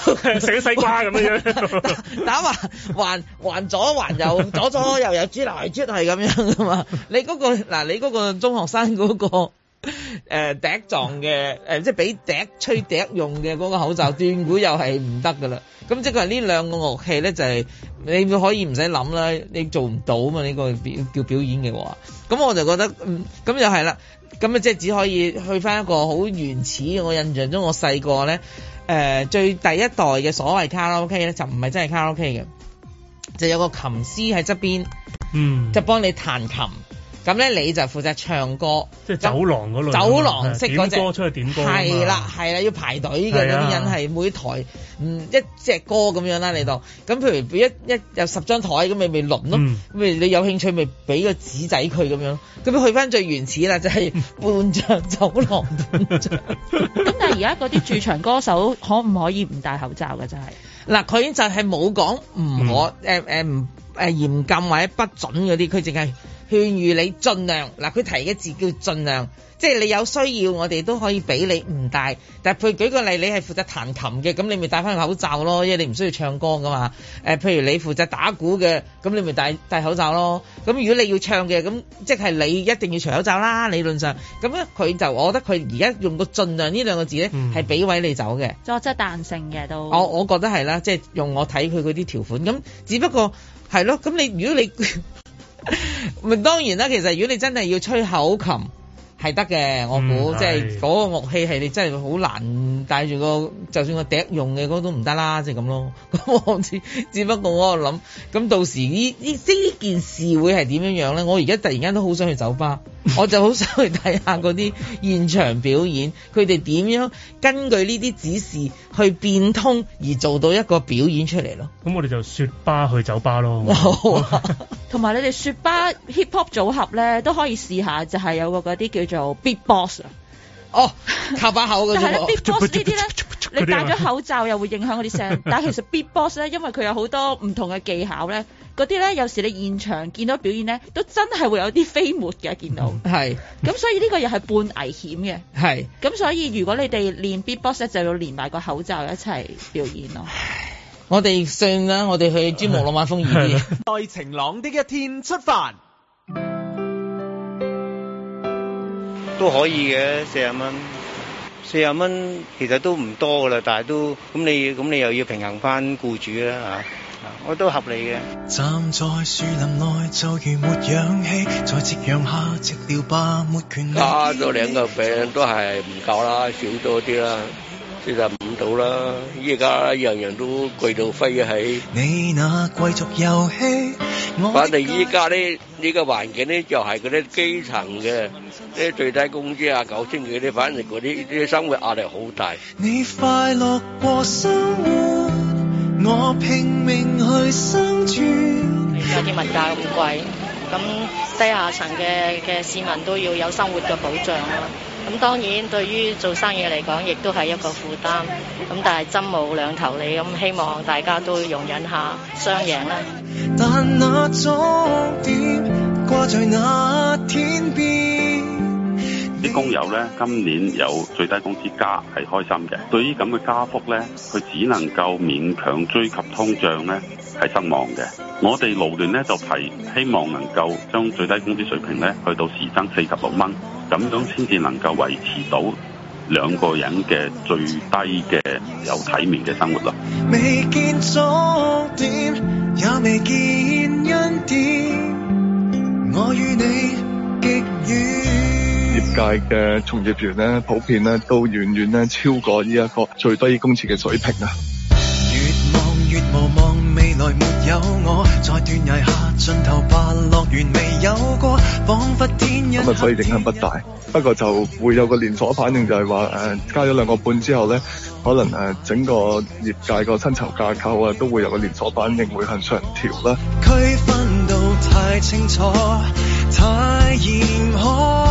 西瓜咁樣樣打，打橫橫橫左橫右左左右右，出嚟出係咁樣噶嘛？你嗰個嗱，你嗰個中學生嗰個笛狀嘅即係俾笛吹笛用嘅嗰個口罩，斷估又係唔得噶啦。咁即係呢兩個樂器咧，就係你可以唔使諗啦，你做唔到嘛？呢個表叫表演嘅話。咁我就覺得，嗯，咁又係啦，咁啊即係只可以去翻一個好原始嘅，我印象中我，我細個咧，誒最第一代嘅所謂卡拉 OK 咧，就唔係真係卡拉 OK 嘅，就有個琴師喺側邊，嗯，就幫你彈琴。咁咧你就負責唱歌，即係酒廊嗰度酒廊式嗰隻，歌出去點歌，係啦係啦，要排隊嘅啲人係每台唔、嗯，一隻歌咁樣啦，你度，咁譬如一一有十張台咁，咪咪輪咯，咁、嗯、你有興趣咪俾個紙仔佢咁樣，咁去翻最原始啦，就係、是、半張、嗯、酒廊半張咁 但係而家嗰啲駐場歌手可唔可以唔戴口罩㗎？ 就係嗱，佢已經就係冇講唔可，誒、嗯、唔、呃呃呃、嚴禁或者不准嗰啲，佢淨係。勸喻你盡量，嗱佢提嘅字叫盡量，即係你有需要，我哋都可以俾你唔戴。但係譬如舉個例，你係負責彈琴嘅，咁你咪戴翻個口罩咯，因為你唔需要唱歌噶嘛。呃，譬如你負責打鼓嘅，咁你咪戴戴口罩咯。咁如果你要唱嘅，咁即係你一定要除口罩啦。理論上，咁佢就我覺得佢而家用個盡量呢兩個字咧，係俾位你走嘅。即係彈性嘅都。我我覺得係啦，即係用我睇佢嗰啲條款。咁只不過係咯，咁你如果你。 咪 當然啦，其實如果你真係要吹口琴。係得嘅，我估、嗯、即係、嗰個樂器係你真係好難帶住個就算個笛用嘅嗰、嗰個、都唔得啦，即係咁咯。咁 我只、只不過我度諗，咁到時呢呢呢件事會係點樣樣咧？我而家突然間都好想去酒吧， 我就好想去睇下啲現場表演，佢哋點樣根據呢啲指示去變通而做到一個表演出嚟咯。咁我哋就雪巴去酒吧咯，同 埋 你哋雪巴 hip hop 組合咧都可以試下，就係、是、有個啲叫。做 beatbox 啊，哦，靠把口嘅， 但係 beatbox 呢啲咧， 你戴咗口罩又會影響嗰啲聲， 但係其實 beatbox 咧，因為佢有好多唔同嘅技巧咧，嗰啲咧有時你現場見到表演咧，都真係會有啲飛沫嘅，見到係，咁、嗯、所以呢個又係半危險嘅，係， 咁所以如果你哋練 beatbox 咧就要連埋個口罩一齊表演咯 我哋算啦，我哋去追霧落晚風二，在晴朗的一天出發。都可以嘅，四十蚊，四十蚊其實都唔多噶啦，但係都咁你咁你又要平衡翻僱主啦嚇，我都合理嘅。站在樹林內就如沒氧氣，在夕陽下寂寥吧，沒權利。加咗兩個餅都係唔夠啦，少多啲啦。四十五度啦，依家人人都貴到飛起。你那貴族遊戲我反正依家咧，呢個環境咧就係嗰啲基層嘅，啲最低工資啊九千幾啲，反正嗰啲啲生活壓力好大。你快樂過生活，我拼命去生存。而家啲物價咁貴，咁低下層嘅嘅市民都要有生活嘅保障啦。咁當然對於做生意嚟講，亦都係一個負擔。咁但係，針冇兩頭利。咁希望大家都容忍一下，雙贏啦。但那種點掛在那天邊。啲工友呢，今年有最低工資加，係開心嘅，對於咁嘅加幅呢，佢只能夠勉強追及通脹呢，係失望嘅。我哋勞聯呢，就提希望能夠將最低工資水平呢，去到時薪四十六蚊，咁樣先至能夠維持到兩個人嘅最低嘅有體面嘅生活啦。業界嘅從業員咧，普遍咧都遠遠咧超過呢一個最低工資嘅水平啊。咁啊，所以影響不大。不過就會有個連鎖反應就是說，就係話誒加咗兩個半之後咧，可能、呃、整個業界個薪酬架構啊，都會有個連鎖反應會向上調啦。區分到太清楚，太嚴苛。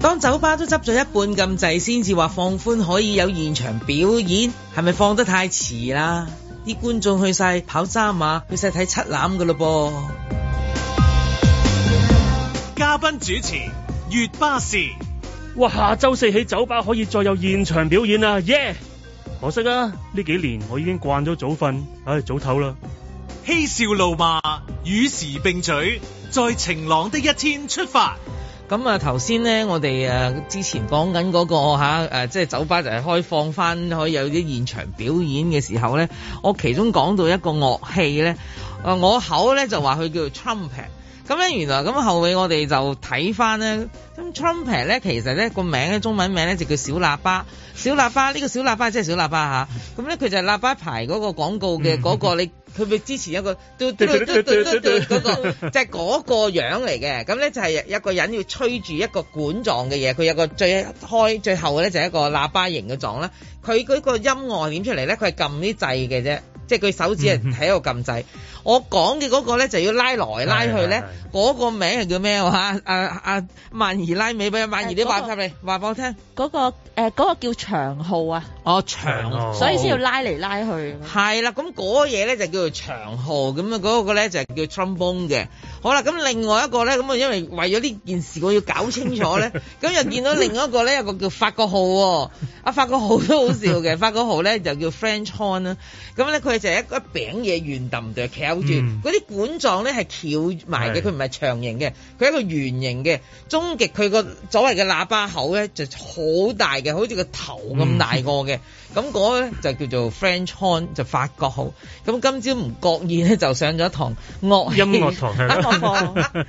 當酒吧都執咗一半咁滯，先至話放寬可以有現場表演，係咪放得太遲啦？啲觀眾去晒跑渣馬，去晒睇七欖噶喇噃！嘉賓主持月巴士，哇！下周四喺酒吧可以再有現場表演啦！耶、yeah!！可惜啊，呢幾年我已經慣咗早瞓，唉、啊，早唞啦。嬉笑怒罵，與時並嘴，在晴朗的一天出發。咁、那個、啊，頭先咧，我哋誒之前講緊嗰個嚇誒即係酒吧就係開放翻，可以有啲現場表演嘅時候咧，我其中講到一個樂器咧，誒我口咧就話佢叫做 trumpet。咁咧，原來咁後尾我哋就睇翻咧，咁 trumpet 咧，其實咧個名咧中文名咧就叫小喇叭。小喇叭呢、這個小喇叭即係小喇叭吓，咁、啊、咧，佢就係喇叭牌嗰個廣告嘅嗰、那個你。 佢咪之前一個個都都都都都嗰個即係嗰個樣，嚟嘅。咁咧就係有一個人要吹住一個管狀嘅嘢，佢有個最開最後咧就係一個喇叭形嘅狀啦。佢嗰個音樂點出嚟咧，佢係撳啲掣嘅啫。即係佢手指係喺度撳掣，我講嘅嗰個呢就要拉來拉去呢。嗰 個名係叫咩話、啊？阿、啊、阿、啊、萬兒拉尾俾萬兒啲話入嚟，話我聽。嗰、那個誒嗰、那個那個叫長號啊！哦，長號，所以先要拉嚟拉去。係啦，咁嗰嘢呢就叫做長號，咁嗰個呢就叫 trombone 嘅。好啦，咁另外一個呢，咁啊，因為為咗呢件事我要搞清楚呢。咁 又見到另外一個呢，有個叫法國號喎。法國號都好笑嘅，法國號呢就叫 French horn 啦。咁咧佢。就係、是一，嗯、一個餅嘢圓墩墩，翹住嗰啲管狀咧係翹埋嘅，佢唔係長形嘅，佢係一個圓形嘅，終極佢個所謂嘅喇叭口咧就好大嘅，好似個頭咁大個嘅。嗯嗯咁嗰咧就叫做 French Horn 就法國號。咁今朝唔覺意咧就上咗一堂樂音樂堂。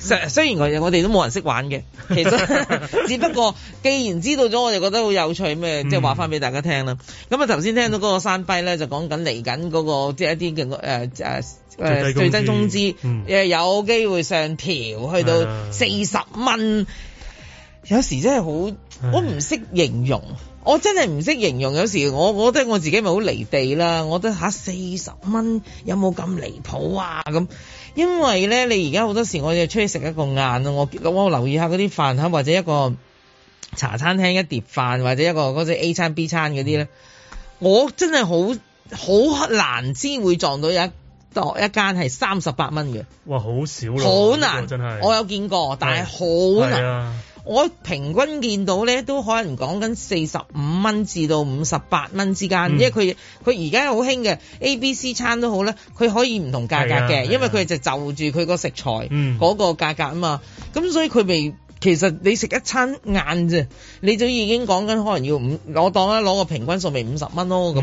雖然我我哋都冇人識玩嘅，其實 只不過既然知道咗，我就覺得好有趣，咩、嗯？即係話翻俾大家聽啦。咁啊頭先聽到嗰個山跛咧就講緊嚟緊嗰個即係、就是、一啲嘅、呃呃呃、最低工資，有機會上調去到四十蚊。有時真係好，我唔識形容。我真係唔識形容，有時我覺得我自己咪好離地啦。我覺得下四十蚊有冇咁離譜啊？咁因為咧，你而家好多時我哋出去食一個晏啦，我我留意下嗰啲飯或者一個茶餐廳一碟飯或者一個嗰啲 A 餐 B 餐嗰啲咧，我真係好好難知會撞到一一間係三十八蚊嘅。哇！好少好難、呢個、真係。我有見過，但係好難。我平均見到咧，都可能講緊四十五蚊至到五十八蚊之間，嗯，因為佢佢而家好興嘅 A、B、C 餐都好呢，佢可以唔同價格嘅，啊啊，因為佢就就住佢個食材嗰個價格啊嘛。咁、嗯、所以佢未，其實你食一餐晏啫，你就已經講緊可能要五，我當啊攞個平均數咪五十蚊咯咁。咁、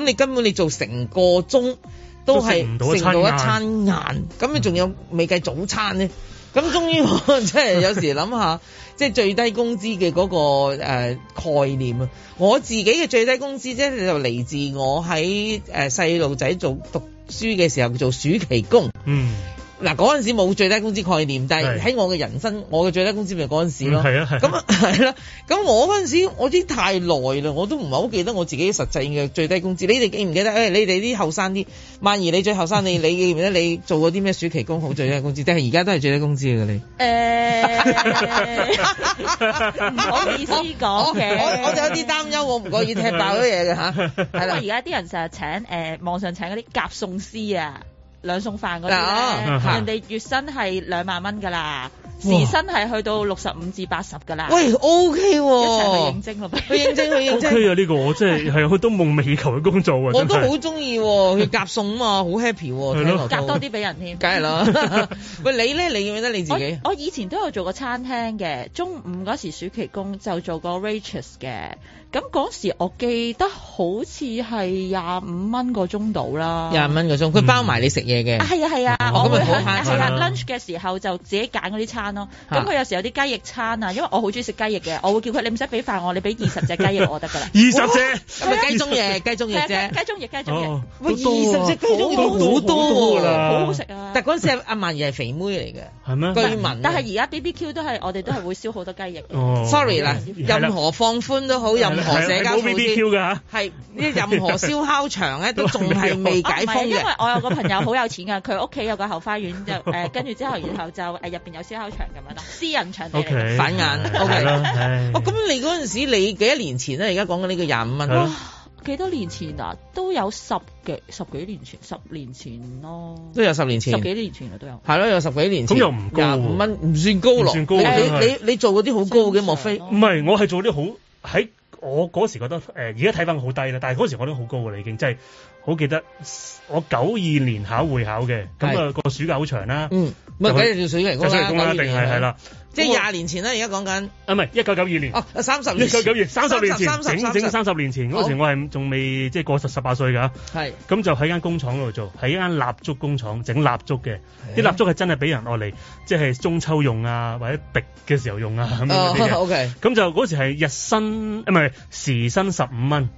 嗯、你根本你做成個鐘都係食到一餐晏，咁、嗯、你仲有未計早餐呢？咁終於我即係有時諗下， 即係最低工資嘅嗰個、呃、概念啊！我自己嘅最低工資即係就嚟自我喺呃細路仔做讀書嘅時候做暑期工。嗯。嗱，嗰陣時冇最低工資概念，但係喺我嘅人生，的我嘅最低工資咪嗰陣時咯。係啊係。咁啊係啦，咁、嗯嗯嗯、我嗰陣時我啲太耐啦，我都唔係好記得我自己實際嘅最低工資。你哋記唔記得？誒、哎，你哋啲後生啲，萬二你最後生，你你記唔記得你做過啲咩暑期工好最低工資？即係而家都係最低工資嘅你。誒、欸，唔 好 意思講我，我，我就有啲擔憂，我唔故意踢爆啲嘢嘅嚇。係、啊、啦。因為而家啲人成日請誒網上請嗰啲夾送師啊。兩餸飯嗰啲人哋月薪係兩萬蚊噶啦，時薪係去到六十五至八十噶啦。喂，O K 喎，一齊去應徵咯，去應徵去應徵。啊、呢、啊啊 okay 啊 okay 啊 呢個我真係係好多夢寐以求嘅工作啊！我都好中意，佢夾餸嘛，好 happy 喎，啊。夾多啲俾人，添。梗係啦。喂，你咧？你覺得你自己我？我以前都有做過餐廳嘅，中午嗰時暑期工就做個 waitress 嘅。咁嗰時我記得好似係廿五蚊個鐘度啦，廿五蚊個鐘佢包埋你食嘢嘅，係啊係啊，啊啊哦、我啊好慘啊！lunch 嘅、啊、時候就自己揀嗰啲餐咯。咁、啊、佢有時有啲雞翼餐啊，因為我好中意食雞翼嘅，我會叫佢你唔使俾飯我，你俾二十隻雞翼我得㗎啦。二 十隻,、哦 隻,哦啊、隻雞中翼，雞中翼啫，雞中翼雞中翼。喂，二十隻雞翼好多喎，好好食啊！啊啊啊 但嗰時阿阿曼兒係肥妹嚟嘅，係 咩？但係而家 BBQ 都係我哋都係會燒好多雞翼。哦、sorry 啦、嗯，任何放寬都好任。冇 B B Q 噶嚇，呢啲、啊、任何燒烤場咧都仲係未解封嘅、 啊。因為我有個朋友好有錢㗎，佢屋企有個後花園就跟住、呃、之後，然後就入、呃、面有燒烤場咁樣咯，私人場嘅。Okay. 反眼 ，OK 哦，咁你嗰陣時，你幾多年前咧？而家講緊呢個廿五蚊，幾、哦、多年前啊？都有十幾十幾年前，十年前咯。都有十年前。十幾年前都有。係咯，有十幾年前。咁又唔高，廿五蚊唔算高咯。唔算高、啊。你你，你做嗰啲好高嘅、啊，莫非？唔係，我係做啲好喺。我嗰時覺得，誒而家睇翻好低啦，但係嗰時我都好高㗎啦已經，即係好記得我九二年考會考嘅，咁啊、那個暑假好長啦、啊，嗯，咪睇住水泥，我睇住。即係廿年前咧、啊，而家講緊，唔係一九九二年，哦、啊，三十年，一九九二，三十年前，1992, 30年前 30, 30, 30, 30, 整整三十年前，嗰時我還沒，我係仲未即係過實十八歲㗎、啊，係，咁就喺間工廠度做，喺間蠟燭工廠整蠟燭嘅，啲、啊、蠟燭係真係俾人落嚟即係中秋用啊，或者滴嘅時候用啊咁嗰啲嘅，咁、uh, okay、就嗰時係日薪，唔、啊、係時薪十五蚊。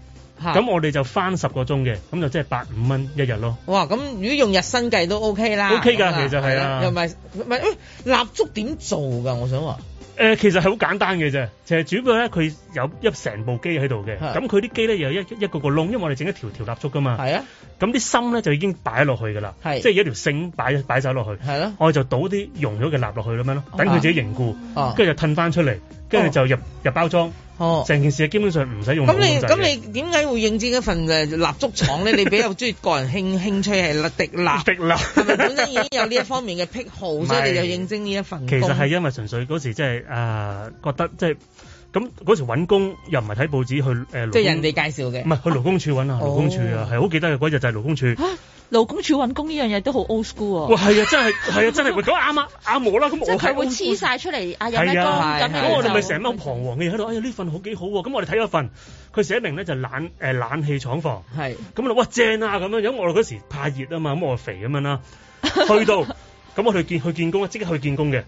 咁、啊、我哋就翻十個鐘嘅，咁就即係八五蚊一日咯。哇！咁如果用日薪計都 OK 啦。OK 㗎、嗯，其實係啊，啊。又唔係唔係誒？蠟燭點做㗎？我想話、呃、其實係好簡單嘅啫，就係、是、主要咧，佢有一成部機喺度嘅。咁佢啲機咧又一一個個窿，因為我哋整一條條蠟燭㗎嘛。係啊。咁啲芯咧就已經擺落去㗎啦、啊。即係一條繩擺擺晒落去。係啦、啊、我哋就倒啲溶咗嘅蠟落去咁樣咯，等佢自己凝固，跟住就褪翻出嚟，跟住就入、哦、入包裝。哦，成件事基本上唔使用。咁你，咁你點解會應徵一份誒蠟燭廠咧？ 你比較中意個人興興趣係滴蠟滴蠟，係 咪本身已經有呢一方面嘅癖好， 所以你有應徵呢一份工？其實係因為純粹嗰時即係誒覺得即係。咁嗰時揾工又唔係睇報紙去誒，即係人哋介紹嘅，唔係去勞工處揾啊，勞工處啊，係好記得嘅嗰日就係勞工處。勞、哦、工處揾、啊、工呢樣嘢都好 old school。啊。哇，係啊，真係，係啊， 真係，嗰啲啱啊，啱、啊啊啊啊、我啦。咁即係會黐晒出嚟啊！有咩工咁？我哋咪成班彷徨嘅喺度。哎呀，呢份好幾好啊！咁我哋睇咗份，佢寫明咧就冷誒，冷氣廠房係。咁啊哇正啊！咁、啊、樣，因為嗰時怕熱啊嘛，咁我肥咁樣啦，去到咁我去見去見工，即刻去見工嘅。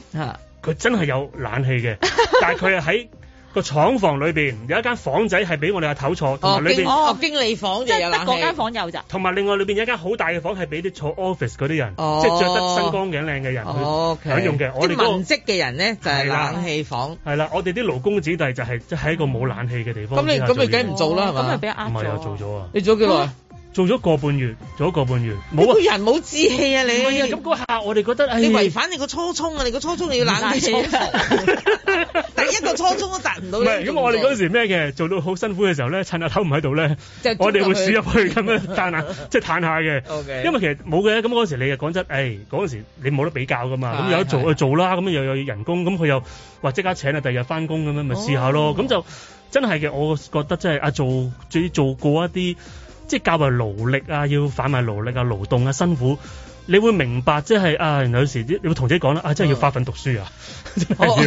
佢真係有冷氣嘅，但係佢係喺。嗯個廠房裏邊有一間房仔係俾我哋阿頭坐，同、哦、埋裏邊哦經理房有，即係得嗰間房有咋。同埋另外裏邊有一間好大嘅房係俾啲坐 office 嗰啲人，哦、即係着得身光頸靚嘅人去享用嘅、哦 okay。我哋文職嘅人咧就係、是、冷氣房。係啦，我哋啲勞工子弟就係即係一個冇冷氣嘅地方。咁、哦、你咁你梗唔做啦，咁咪俾阿壓咁又做咗啊？你做咗幾耐？嗯做咗個半月，做咗個半月，冇、啊、人冇志氣啊，你。咁嗰下我哋覺得，哎、你違反你個初衷啊！你個初衷你要懶啲。啊、 第一個初衷都達唔到。唔係，咁我哋嗰時咩嘅，做到好辛苦嘅時候咧，趁阿頭唔喺度咧，我哋會鼠入去咁樣嘆下， 即係嘆下嘅。Okay. 因為其實冇嘅，咁嗰時你又講真，誒、哎，嗰陣時你冇得比較噶嘛，咁、 嗯、有得做，是是是做就做啦，咁、嗯、又有人工，咁、嗯、佢、嗯、又話即刻請啊，第二日翻工咁樣咪試下咯。咁、哦、就真係嘅，我覺得真係啊，做，做最做過一啲。即係較為勞力啊，要反埋勞，勞力啊，勞動啊，辛苦。你會明白，即係啊，原來有時你會同自己講啦，啊，真係要發奮讀書啊。嗱、嗯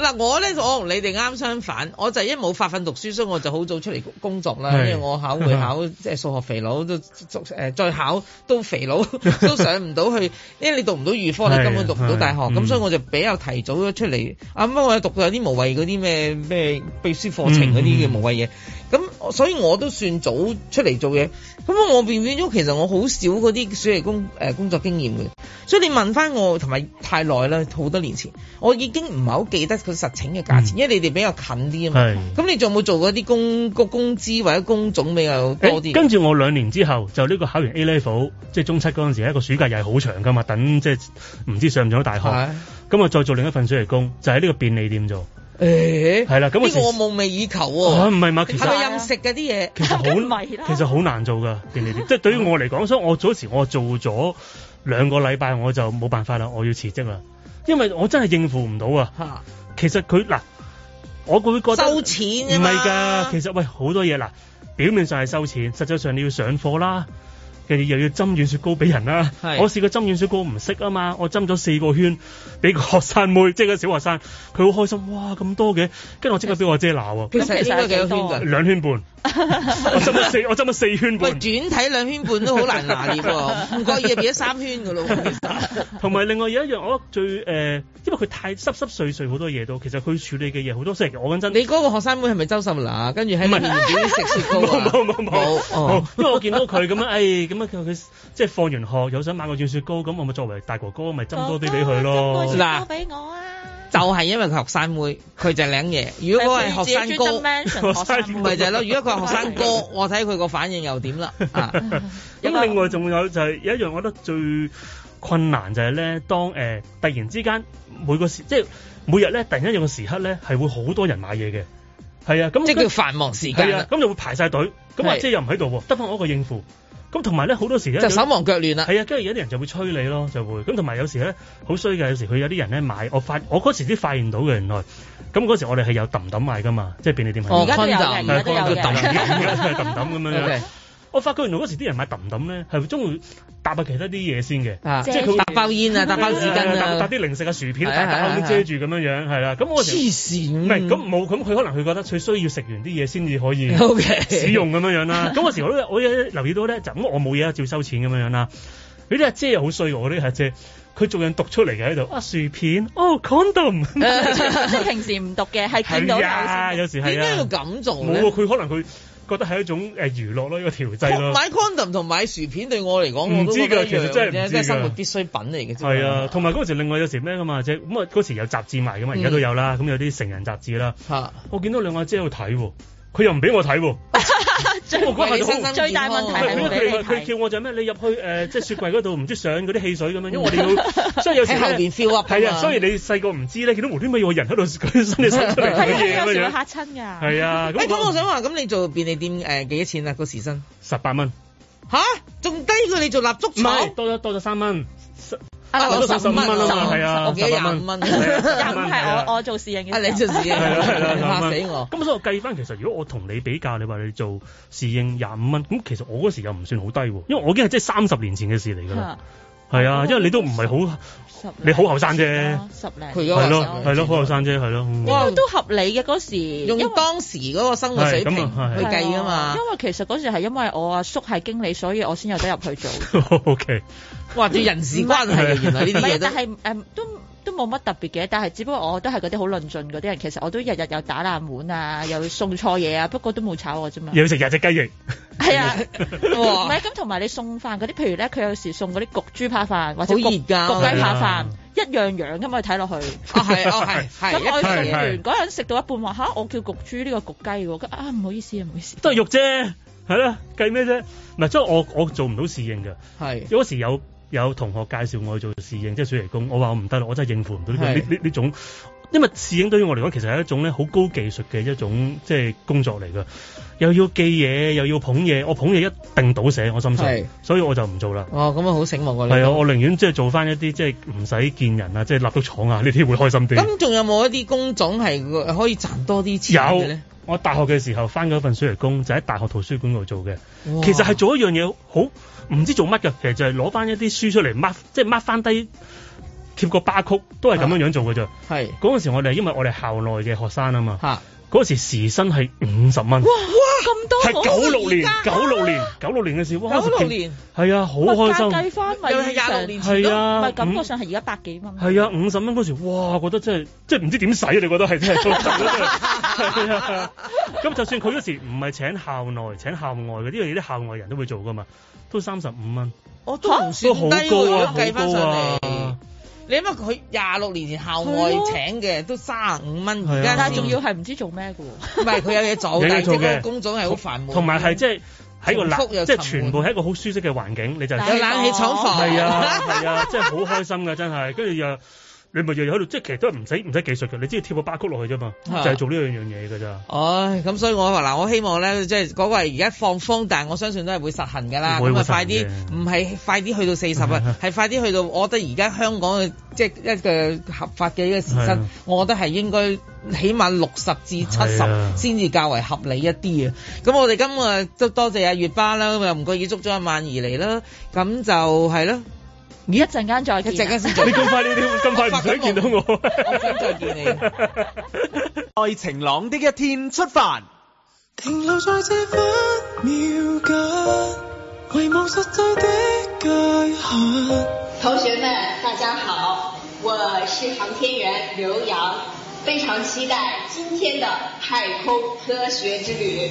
要， 我咧，我同你哋啱相反，我就一冇發奮讀書，所以我就好早出嚟工作啦。因為我考會考， 即係數學肥佬都誒，再考都肥佬都上唔到去，因為你讀唔到預科，你根本讀唔到大學。咁、嗯、所以我就比較提早咗出嚟。啱啱我讀有啲無謂嗰啲咩咩秘書課程嗰啲嘅無謂嘢。嗯嗯。咁所以我都算早出嚟做嘢，咁我變變咗，其實我好少嗰啲暑期工、呃、工作經驗嘅。所以你問翻我，同埋太耐啦，好多年前，我已經唔係好記得佢實情嘅價錢、嗯，因為你哋比較近啲啊嘛。咁你仲有冇做過啲工個工資或者工種比較多啲、欸？跟住我兩年之後，就呢個考完 A level，即係中七嗰陣時，一個暑假又係好長噶嘛，等即係唔知上唔上到大學。咁、啊、我再做另一份暑期工，就喺、是、呢個便利店做。誒、哎，係啦，咁、 嗯、我啲、這個、我夢寐以求啊，唔係嘛，其實任食啲嘢、啊，其實好其實好難做噶，便利店，即 係對於我嚟講，所以我早時我做咗兩個禮拜，我就冇辦法啦，我要辭職啦，因為我真係應付唔到啊。吓，其實佢嗱，我會覺得收錢唔係噶，其實喂好多嘢嗱，表面上係收錢，實際上你要上貨啦。嘅又要針軟雪糕俾人啦、啊，我試過針軟雪糕唔識啊嘛，我針咗四個圈俾個學生妹，即係嗰小學生，佢好開心，嘩，咁多嘅，跟住我即刻俾我阿姐鬧喎。其實應該幾個圈㗎、啊？兩圈半。 我針咗四，我針咗四圈半。喂，轉體睇兩圈半都好難拿捏喎，唔 覺意變咗三圈噶咯。同埋 另外有一樣，我覺得最、呃、因為佢太濕濕碎碎好多嘢都，其實佢處理嘅嘢好多時，我講真。你嗰個學生妹係咪周秀娜？跟住喺面邊食雪糕、啊？冇冇冇冇。因為我見到佢咁 樣，誒、哎，咁樣佢佢即係放完學有想買個轉雪糕，咁我咪作為大哥哥咪針多啲俾佢咯。啦，俾我啊。 就係、是、因為佢學生妹，佢就係靚嘢。如果佢係學生哥，唔係就係咯。如果佢係學生哥， 我睇佢個反應又點啦？咁、啊、 另外仲有就係、是、有一樣，我覺得最困難就係、是、咧，當誒、呃、突然之間每個時，即係每日咧突然一樣嘅時刻咧，係會好多人買嘢嘅，係啊，咁即係叫繁忙時間啦。咁、啊、就會排晒隊，咁啊即係又唔喺度喎，得翻我一個應付。咁同埋呢，好多時咧就手忙腳亂啦。係、嗯、啊，跟住有啲人就會催你囉，就會。咁同埋有時呢，好衰㗎。有時佢有啲人呢，買，我發我嗰時啲發現到嘅原來。咁嗰時我哋係有揼揼買㗎嘛，即係便利店係而家有嘅，係、嗯、有嘅。 我發覺原來嗰時啲人買抌抌咧，係會鍾意搭下其他啲嘢先嘅、啊，即係佢會搭包煙啊，搭、嗯、包紙巾啊，搭、嗯、啲零食啊，薯片啊，打包咁遮住咁樣樣，係啦、啊。咁、啊啊啊嗯、我黐線，唔係咁冇咁佢可能佢覺得佢需要食完啲嘢先至可以使用咁樣樣啦。咁、okay、 我時我都我留意到咧，就咁我冇嘢啊，照收錢咁樣樣啦。嗰啲阿姐好衰喎，嗰啲阿姐佢仲有讀出嚟嘅喺度啊，薯片哦，condom， 平時唔讀嘅係見到是、啊、有時，點、啊、要咁做冇佢可能佢。覺得係一種誒、呃、娛樂咯，一個調劑咯。買 condom 同買薯片對我嚟講，我唔知噶，其實，即係生活必需品嚟嘅啫。係啊，同埋嗰時另外有時咩噶嘛啫，咁啊嗰時有雜誌賣噶嘛，而家都有啦。咁、嗯嗯、有啲成人雜誌啦。吓、啊、我見到兩位阿姐喺度睇喎。佢又唔俾我睇喎、啊， 最，那我那身身最大問題係佢叫我就咩？你入去誒，即係雪櫃嗰度唔知上嗰啲汽水咁樣，因為，因為我哋、呃、 要，所以有時後邊 fill 啊，係啊，啊，啊，所以你細個唔知咧，見到無端咪要人喺度舉身嚟，嚇親㗎。係啊，咁 什麼、 啊我，欸、我想話，咁你做便利店誒幾、呃、多錢啊？個時薪十八蚊，吓？仲、啊、低過你做蠟燭廠，唔係，多咗多咗三蚊。啊，十蚊，係啊，幾25幾 我幾廿五蚊，廿五係我我做侍應嘅，係你做侍應，嚇死我！咁所以我計翻，其實如果我同你比較，你話你做侍應廿五蚊，咁其實我嗰時又唔算好低喎，因為我已經係即係三十年前嘅事嚟噶啦。係啊，因為你都唔係好，你好後生啫，十零，係咯，係咯，好後生啫，係咯。都合理嘅嗰時，用當時嗰個生活水平嚟計噶嘛。因為其實嗰時係因為我阿叔係經理，所以我先有得入去做。O K。哇！啲人事關係原來呢啲嘢唔係，但係誒、嗯、都都冇乜特別嘅。但係只不過我都係嗰啲好論盡嗰啲人。其實我都日日有打爛碗啊，有送錯嘢啊。不過都冇炒我啫嘛。要食日式雞翼係 啊，唔係咁，同埋你送飯嗰啲，譬如咧佢有時送嗰啲焗豬扒飯或者焗，啊、焗雞扒飯、啊、一樣樣噶嘛。睇落去哦，係哦，係咁我送完嗰陣食到一半話吓、啊，我叫焗豬呢、呢個焗雞喎、啊，咁啊唔好意思唔、啊、好意思、啊，都係肉啫，係啦、啊，計咩啫？唔係即係我我做唔到侍應嘅係有時有。有同學介紹我去做侍應，即係暑期工。我話我唔得咯，我真係應付唔到呢呢呢種，因為侍應對於我嚟講，其實係一種咧好高技術嘅一種即係工作嚟㗎，又要記嘢，又要捧嘢。我捧嘢一定倒瀉，我心水，所以我就唔做啦。哦，咁啊，好醒目㗎！係啊，我寧願即係做返一啲即係唔使見人啊，即係立到廠啊，呢啲會開心啲。咁仲有冇一啲工種係可以賺多啲錢嘅咧？有我大學嘅時候翻咗一份暑期工，就喺大學圖書館度做嘅。其實係做一樣嘢，好唔知做乜嘅。其實就係攞翻一啲書出嚟，mark 即 mark 翻低貼個巴曲，都係咁樣樣做嘅啫。係、啊、陣、那個、時候我，我哋因為我哋校內嘅學生啊嘛。啊嗰時時薪係五十蚊，哇咁多，係九六年，九六年，九六年嘅時，九六年，係啊，好開心。計翻咪廿年，係啊，唔係感覺上係而家百幾蚊。係啊，五十蚊嗰時，哇，啊是是啊覺,啊、哇覺得真係，即係唔知點使啊！你覺得係真係咁樣。係啊，咁、 啊、就算佢嗰時唔係請校內，請校外嘅，因為有啲校外人都會做噶嘛，都三十五蚊，我、啊、都唔、啊啊、算低喎、啊，計翻上嚟。你諗下佢廿六年前校外請嘅都卅五蚊，佢家、啊，但係仲要係唔知做咩嘅喎。唔係佢有嘢做，但係即係工種係好繁忙。同埋係即係喺個冷，即係全部係一個好舒適嘅環境，你就是、有冷氣廠房，係啊係啊，即係好開心嘅真係。跟住又。你咪日日喺度，即係其實都係唔使唔使技術嘅，你只要跳個八曲落去啫嘛、啊，就係、係、做呢樣樣嘢㗎咋。唉，咁所以我話嗱，我希望咧，即係嗰位而家放風，但我相信都係會實行㗎啦。咁啊，快啲，唔係快啲去到四十啊，係 快啲去到。我覺得而家香港嘅即係一個合法嘅一個時薪， 我覺得係應該起碼六十至七十先至較為合理一啲啊。咁我哋今日都多謝阿月巴啦，咁又唔覺意捉咗阿萬兒嚟啦，咁就係啦。你一陣間再一陣間再 你咁快，呢啲，咁快唔想見到我？我， 我想再見你。在晴朗的一天出發，停留在這分秒間，回望實在的。同學們，大家好，我是航天員劉洋，非常期待今天的太空科學之旅。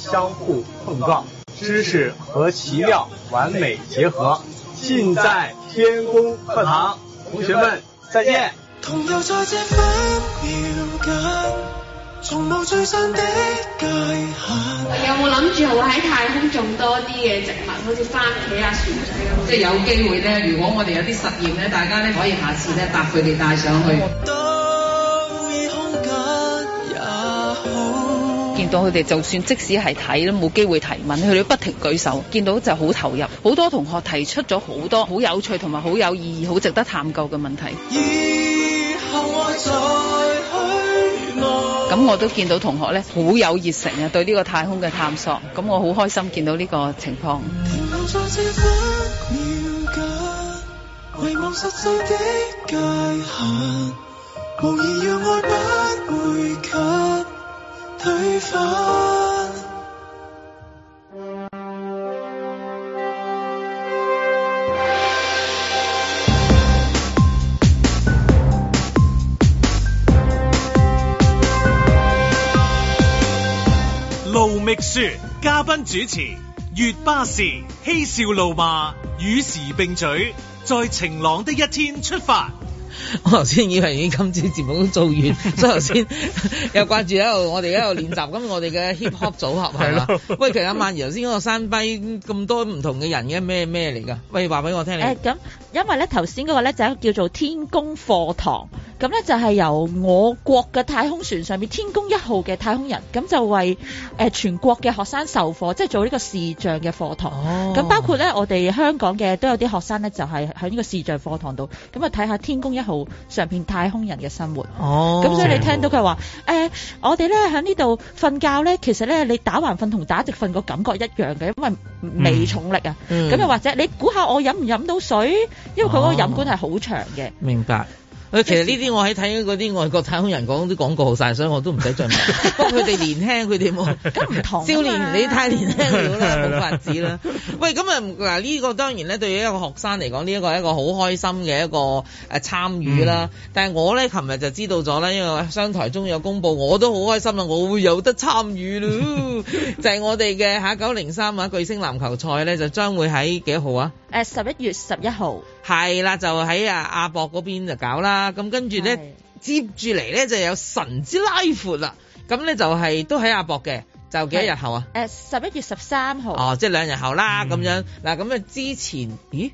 相互碰撞，知識和奇妙完美結合，盡在天宮課堂。同學們，再見。有冇諗住會喺太空種多啲嘅植物，好似番茄啊、薯仔咁？即係有機會咧，如果我哋有啲實驗咧，大家咧可以下次咧搭佢哋帶上去。見到佢哋就算即使係睇都冇機會提問，佢哋不停舉手，見到就好投入，好多同學提出咗好多好有趣同埋好有意義、好值得探究嘅問題。咁我，我都見到同學呢，好有熱誠啊，對呢個太空嘅探索，咁我好開心見到呢個情況。推盧覓雪，嘉賓主持，月巴氏嬉笑怒罵，與時並舉，在晴朗的一天出發。我頭先以為已經今次節目都做完， 所以頭先又掛住喺度， 我哋喺度練習。咁我哋嘅 hip hop 組合係啦 喂，其實阿曼，頭先嗰個山梯咁多唔同嘅人嘅咩咩嚟㗎？喂，話俾我聽你。你、呃、咁。因為咧，頭先嗰個咧，就叫做天宮課堂，咁咧，就係由我國嘅太空船上面天宮一號嘅太空人，咁就為誒、呃、全國嘅學生授課，即係做呢個視像嘅課堂。哦，咁包括咧我哋香港嘅都有啲學生咧就係喺呢個視像課堂度，咁啊睇下天宮一號上邊太空人嘅生活。哦，咁所以你聽到佢話、oh. 誒，我哋咧喺呢度瞓覺咧，其實咧你打橫瞓同打直瞓個感覺一樣嘅，因為微重力啊。咁、mm. 又、mm. 或者你估下我飲唔飲到水？因為佢嗰個飲管係好長嘅，哦。明白。其實呢啲我喺睇嗰啲外國太空人都講啲廣告好晒，所以我都唔使再問。不過佢哋年輕，佢哋冇。咁唔同。少年，你太年輕咗啦，冇 法子啦。 喂，咁啊嗱，呢個當然咧，對於一個學生嚟講，呢、這個、一個很開心的一個好開心嘅一個誒參與啦、嗯。但係我咧，琴日就知道咗啦，因為商台中有公佈，我都好開心啦，我會有得參與咯。 就係我哋嘅下九零三啊，巨星籃球賽咧，就將會喺幾多號啊？誒、呃，十一月十一號。係啦，就喺啊亞博嗰邊就搞啦。啊，咁跟住咧，接住嚟咧就有神之拉闊啦，咁咧就係、是、都喺阿博嘅，就幾多日後啊？誒，呃、十一月十三號，哦，即係兩日後啦，嗯、咁樣嗱，咁啊之前咦？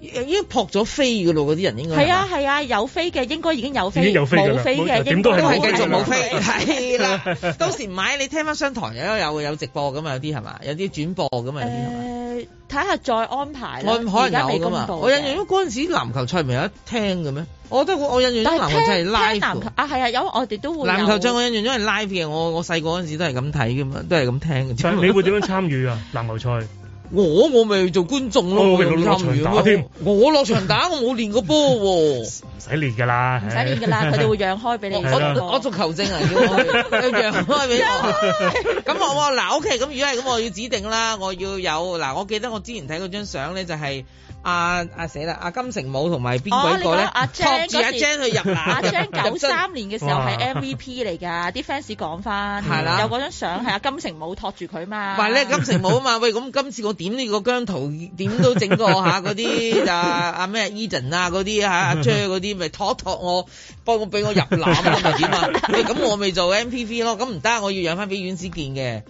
已經撲咗飛噶咯，嗰啲人應該係啊係啊，有飛嘅應該已經有飛，冇飛嘅都係繼續冇飛。係 是啦， 當時買你聽翻商台有有有直播噶嘛，有啲係嘛，有啲轉播咁嘛，有、呃、啲。誒，睇下再安排啦。我可能有噶嘛。我印象中嗰陣時籃球賽唔係有得聽嘅咩？我都我印象中籃球賽係 live。啊，係啊，有我哋都會。籃球賽我印象中係 live 嘅，我我細個嗰陣時都係咁睇噶嘛，都係咁聽。你你會點樣參與啊？籃 球賽？我我咪做觀眾咯。哦，我落場打添，我落場打 我冇練過波喎，唔使練噶啦，唔使練噶啦，佢哋會讓開俾你。 我 我，我，我做球證啊， 要要讓開俾我。咁 我嗱，OK，咁如果係咁，我要指定啦，我要有嗱，我記得我之前睇嗰張相咧，就係、是。阿阿死啦！阿、啊啊、金城武同埋邊個咧？啊、Jane, 托住阿、啊、j a n 去入籃。阿 j a n 九三年嘅時候係 MVP 嚟噶，啲 fans 講翻。係、嗯、啦、嗯啊，有嗰張相係阿金城武托住佢嘛。話、啊、咧金城武啊嘛，喂咁今次我點呢個姜濤點都整過下嗰啲就阿咩 Ethan 啊嗰啲吓，阿 j 嗰啲咪托托我，幫我俾我入籃都咪點啊？咁、 欸、我咪做 MVP 咯？咁唔得，我要養翻俾阮之健嘅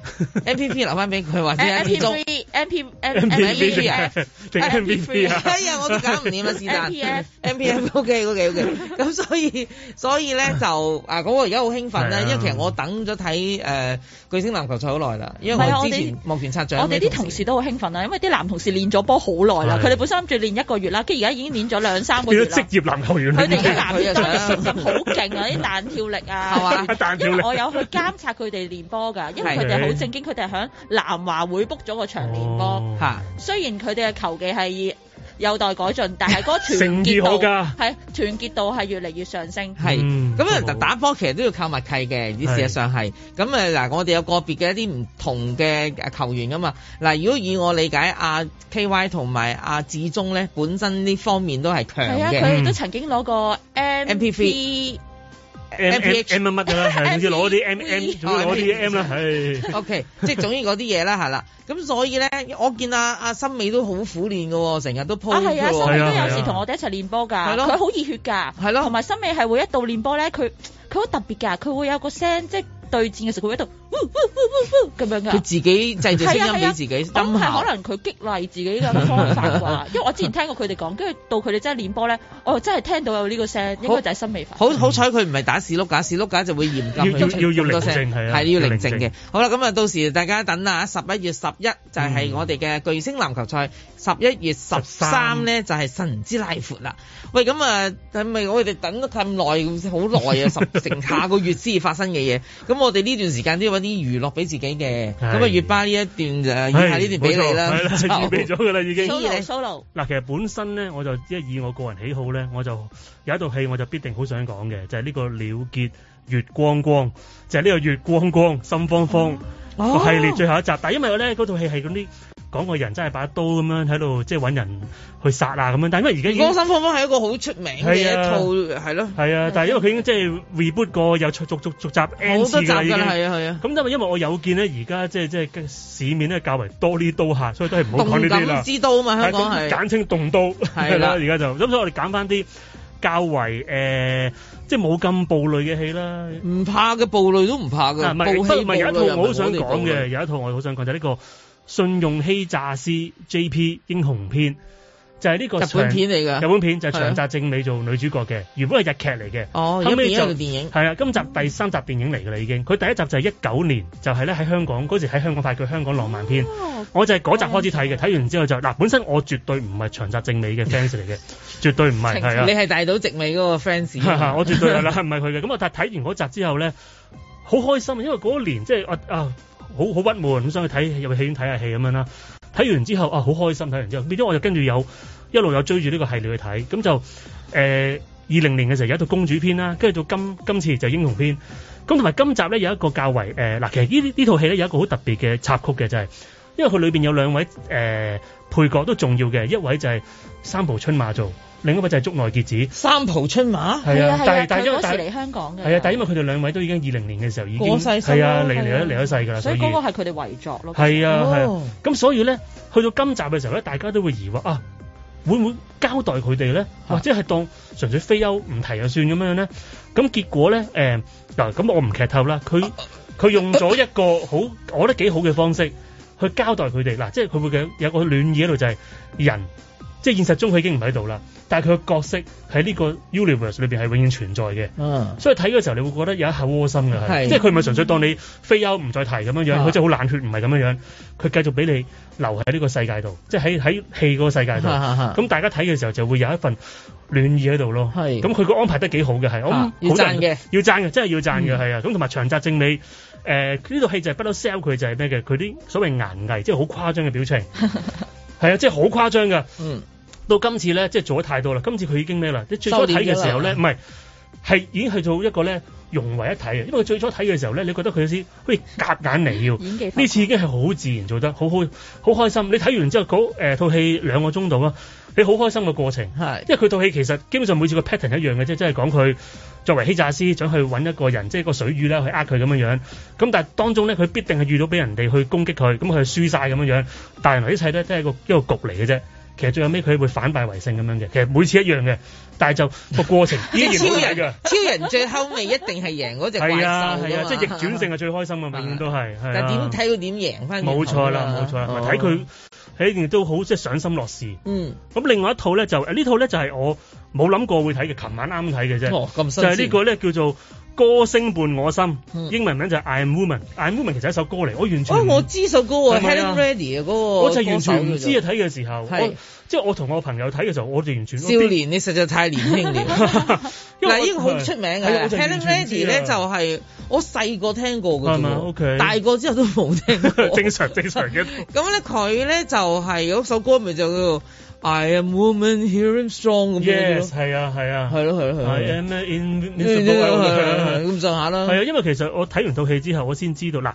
MVP 留翻俾佢或者阿鐘 M P M P V M P 哎 呀 Yeah, yeah, 我仲搞唔掂啊！師誕。M P F，O K，O K，O K。咁所以，所以咧就 啊，嗰、嗰個而家好興奮咧， 因為其實我等咗睇誒巨星籃球賽好耐啦，因為我之前摩拳擦掌。我哋啲同事都好興奮啊，因為啲男同事練咗波好耐啦，佢哋本身諗住練一個月啦，跟住而家已經練咗兩三個月。變 咗職業籃球員啦！佢哋啲男同事好勁啊，啲 彈跳力啊，係嘛？因為我有去監察佢哋練波㗎， 因為佢哋好正經，佢哋喺南華會 book 咗個場練波。嚇、哦！雖然佢哋嘅球技係，有待改進，但係嗰個團結度係 為好團結度係越嚟越上升。係咁啊！打波其實都要靠默契嘅，事實上係咁啊！嗱，我哋有個別嘅一啲唔同嘅球員噶嘛。嗱、啊，如果以我理解，阿 K Y 同埋阿志忠咧，本身呢方面都係強嘅。係啊，佢哋都曾經攞過 M P V。嗯 M X M 乜乜噶啦，總之攞啲 M M，攞啲 M 啦，係。O K，即係總之嗰啲嘢啦，係啦。咁所以咧，我見阿阿森美都好苦練嘅喎，成日都鋪波。啊，係啊，森美都有時同我哋一齊練波㗎，佢好熱血㗎。係咯。同埋森美係會一度練波咧，佢佢好特別㗎，佢會有個聲即。對戰嘅時候佢喺度咁樣噶，佢自己製造聲音俾、 啊啊、自己，咁係可能佢激勵自己嘅方法啩。 因為我之前聽過佢哋講，跟住到佢哋真係練波咧，我真係聽到有呢個聲，應該就係心理法好、嗯、好彩佢唔係打屎碌架，屎碌架就會嚴禁。要要要寧靜係要寧靜嘅。好啦，咁啊，到時大家等啊，十一月十一就係我哋嘅巨星籃球賽，十一月十三咧就係、是、神之拉闊啦。喂，咁啊，係咪我哋等咗咁耐好耐啊？十成下個月先發生嘅嘢，咁 我哋呢段時間都要搵啲娛樂俾自己嘅。咁啊，月巴呢一段，越下一段就下呢段俾你啦。預備咗噶啦，已經。Solo s 嗱，其實本身咧，我就即係以我個人喜好咧，我就有一套戲我就必定好想講嘅，就係、是、呢個了結月光光，就係、是、呢個月光光心慌慌個系列最後一集。但係因為咧，嗰套戲係嗰啲。.講個人真係把刀咁樣喺度，即係搵人去殺啊咁樣。但係因為而家《江山芳芳》係一個好出名嘅一套，係咯、啊。係啊，但係因為佢已經即係 reboot 過，又出續續續，續集 n d 好多集噶係啊，佢啊。咁因為因為我有見咧，而家即係即係市面咧較為多呢啲刀客，所以都係唔好講呢啲啦。動刀知刀啊嘛，香港係簡稱動刀係啦。而家就咁，所以我哋揀翻啲較為誒，即係冇咁暴戾嘅戲啦。唔怕嘅暴戾都唔怕噶，唔係。係有一套我好想講嘅，有一套我好想講就呢個。信用欺詐師 J.P. 英雄篇就係、是、呢個日本片嚟嘅，日本片就係長澤正美做女主角嘅、啊，原本係日劇嚟嘅，哦，後屘影，影，係啊，今集第三集電影嚟噶啦已經，佢第一集就係一九年，就係咧喺香港嗰時喺香港拍嘅香港浪漫片、哦，我就係嗰集開始睇嘅，睇、哎、完之後就嗱，本身我絕對唔係長澤正美嘅 fans 嚟嘅， 絕對唔係係啊，你係大島直美嗰個 fans，的 是、啊、我絕對係啦，係唔係佢嘅，咁啊，但係睇完嗰集之後咧，好開心，因為嗰年即係啊啊。呃好好鬱悶，咁想去睇入去戲院睇下戲咁樣啦。睇完之後啊，好開心！睇完之後，變咗我就跟住有一路有追住呢個系列去睇。咁就誒二零年嘅時候有一套公主篇啦，跟住到今今次就英雄篇。咁同埋今集咧有一個較為誒嗱，其實呢呢套戲咧有一個好特別嘅插曲嘅，就係因為佢裏邊有兩位誒配角都重要嘅，一位就係三浦春馬做。另一位就係竹內結子，三浦春馬。係啊，啊，啊，但係但因為佢嗰時嚟香港嘅，係啊，啊，啊，但因為佢哋兩位都已經二零年嘅時候已經過世，係啊，離離咗離咗世㗎啦。所以嗰、那個係佢哋遺作咯。係啊，係、哦。咁、啊、所以咧，去到今集嘅時候咧，大家都會疑惑啊，會唔會交代佢哋咧？或者係當純粹非優唔提就算咁樣咧？咁結果咧，誒、呃、嗱，咁我唔劇透啦。佢佢、啊、用咗一個好，我覺得幾好嘅方式去交代佢哋嗱，即係佢會有有個暖意喺度，就係、是、人。即係現實中佢已經唔喺度啦，但係佢嘅角色喺呢個 universe 裏邊係永遠存在嘅、啊。所以睇嘅時候你會覺得有一下窩心嘅，係即係佢唔係純粹當你非休唔再提咁樣、啊、樣，佢真係好冷血，唔係咁樣樣。佢繼續俾你留喺呢個世界度，即係喺喺戲嗰個世界度。咁、啊啊、大家睇嘅時候就會有一份暖意喺度咯。係，咁佢個安排得幾好嘅係，好要讚嘅，要讚嘅，真係要讚嘅係啊。咁同埋長澤正理誒呢套戲就係不嬲 sell 佢就係咩嘅？佢啲所謂顏藝，即係好誇張嘅表情。 係啊，即係好誇張噶。嗯，到今次咧，即係做咗太多啦。今次佢已經咩啦？你最初睇嘅時候咧，唔係係已經係做一個咧融為一體嘅。因為佢最初睇嘅時候咧，你覺得佢有啲好似夾硬嚟要。呢 次已經係好自然做得好好好開心。你睇完之後嗰套戲兩個鐘度啊，你好開心嘅過程。因為佢套戲其實基本上每次個 pattern 一樣嘅啫，即係講佢。作為欺詐師，想去揾一個人，即係個水魚啦，去呃佢咁樣樣。咁但係當中咧，佢必定係遇到俾人哋去攻擊佢，咁佢輸晒咁樣樣。但係原來一切咧都係一個一個局嚟嘅啫。其實最後尾佢會反敗為勝咁樣嘅。其實每次一樣嘅，但係就個過程 超，人 超人最後尾一定係贏嗰隻怪獸。係啊係啊，即係、啊就是、逆轉性係最開心嘅，咁 都係、啊。但係點睇佢點贏翻？冇錯啦，冇錯，睇、哦、佢。看他睇完都好即係賞心樂事。嗯，咁另外一套咧就呢套咧就係我冇諗過會睇嘅，琴晚啱睇嘅啫。哦，咁新就係呢個咧叫做《歌聲伴我心》，英文名就係《I Am Woman》，《I Am Woman》其實係一首歌嚟。我完全哦，我知首歌係《Helen Reddy》啊，嗰個我就完全唔知啊。睇嘅時候係。即係我同我朋友睇嘅時候，我哋完全少年，你實在太年輕了，嗱， 呢個好出名嘅，《Lady》咧就係、就是、我細個聽過嘅啫，okay? 大個之後都冇聽過。 正常正常嘅。咁 咧，佢咧就係、是、嗰首歌咪就叫做。I am woman, h e u m i n strong。咁 Yes，係、yes, f common 啊，係啊，係咯、啊，係咯、啊，係、啊。TVs, I am in this world。咁上下啦。係啊，因為其實我睇完套戲之後，我先知道嗱，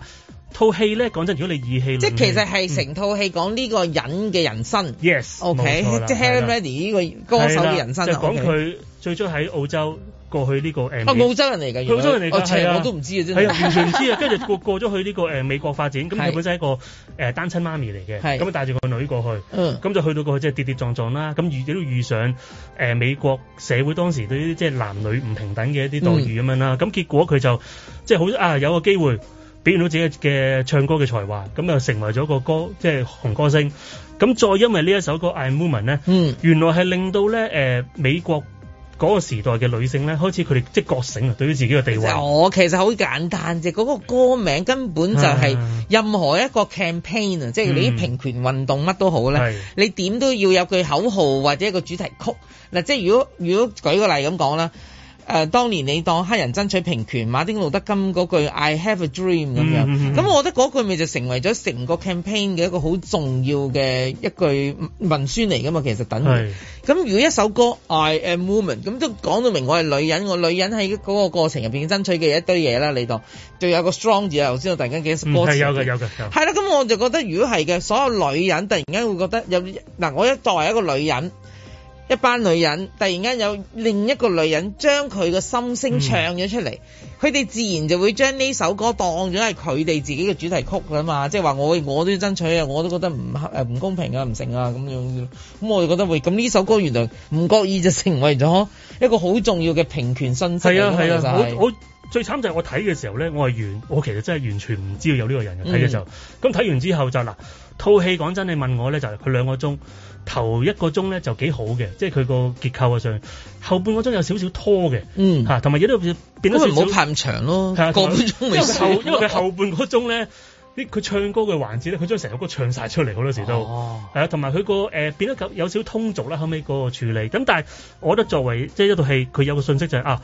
套戲咧講真，如果你意氣，即係其實係成套戲講呢個人嘅人生。Yes。OK、嗯、即係 Helen Reddy 呢個歌手嘅人生啊。就是、講佢最初喺澳洲。過去呢個誒，啊澳洲人嚟㗎，佢澳洲人嚟㗎，係啊，我都唔知啊，真係係完全唔知啊。跟住過過咗去呢個誒美國發展，咁佢本身係一個誒單親媽咪嚟嘅，咁帶住個女過去，咁就去到過去，即係跌跌撞撞啦。咁遇都遇上誒美國社會當時對啲即係男女唔平等嘅一啲待遇咁樣啦。咁結果佢就即係好啊有個機會表現到自己嘅唱歌嘅才華，咁又成為咗個歌即係紅歌星。咁再因為呢一首歌 I'm Woman 咧，嗯，原來係令到咧誒美國。嗰、那個時代嘅女性咧，開始佢哋即覺醒啊，對於自己嘅地位。我其實好簡單啫，嗰個歌名根本就係任何一個 campaign 啊，即係你啲平權運動乜、嗯、都好咧，你點都要有句口號或者一個主題曲。嗱，即係如果如果舉個例咁講啦。誒、呃，當年你當黑人爭取平權，馬丁路德金嗰句 I have a dream 咁、嗯、樣，咁、嗯嗯、我覺得嗰句咪就成為咗成個 campaign 嘅一個好重要嘅一句文宣嚟噶嘛，其實等於。咁如果一首歌 I am woman，咁都講到明我係女人，我女人喺嗰個過程入面爭取嘅一堆嘢啦，你當。仲有個 strong 字啊，頭先我突然間記 p 歌詞。係有嘅有嘅有。係啦，咁我就覺得如果係嘅，所有女人突然間會覺得有嗱，我一作為一個女人。一班女人，突然間有另一個女人將佢個心聲唱咗出嚟，佢、嗯、哋自然就會將呢首歌當咗係佢哋自己嘅主題曲㗎嘛，即係話我我都要爭取啊，我都覺得唔唔、呃、公平啊，唔成啊咁樣，咁我就覺得喂，咁呢首歌原來唔覺意就成為咗一個好重要嘅平權信息。係啊係啊，我我最慘就係我睇嘅時候咧，我係完，我其實真係完全唔知道有呢個人嘅睇嘅時候，咁、嗯、睇完之後就嗱，套戲講真，你問我咧就佢、是、兩個鐘。頭一個鐘咧就幾好嘅，即係佢個結構啊上，後半個鐘有少少拖嘅，嚇、嗯，同埋嘢都變得少少。唔好拍咁長咯，個、啊、半鐘為先。因為佢後，後半個鐘咧，佢、啊、唱歌嘅環節咧，佢將成首歌唱晒出嚟好多時都，係啊，同埋佢個誒變得有少通俗啦，後尾嗰個處理。咁但係我覺得作為即係一套戲，佢有個信息就係、是、啊，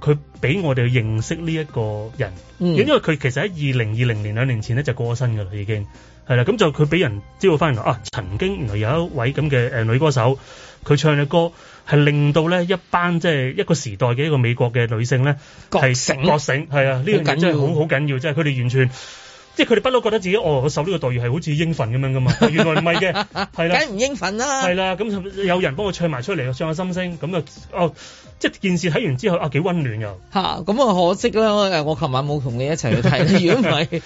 佢俾我哋認識呢一個人，嗯、因為佢其實喺二零二零年兩年前咧就過身㗎啦，已經。係啦，咁就佢俾人知道翻嚟啊，曾經原來有一位咁嘅、呃、女歌手，佢唱嘅歌係令到咧一班即係一個時代嘅一個美國嘅女性咧係覺醒，覺醒係啊，呢、這個嘢真係好好緊要，即係佢哋完全即係佢哋不嬲覺得自己哦受呢個待遇係好似應份咁樣噶嘛、 哦，原來唔係嘅，係 啦，梗唔應份啦，係啦，咁有人幫我唱埋出嚟，唱下心聲，咁就哦。即件事睇完之後啊，幾溫暖㗎吓，咁啊可惜啦，我琴晚冇同你一齊去睇。如果唔係，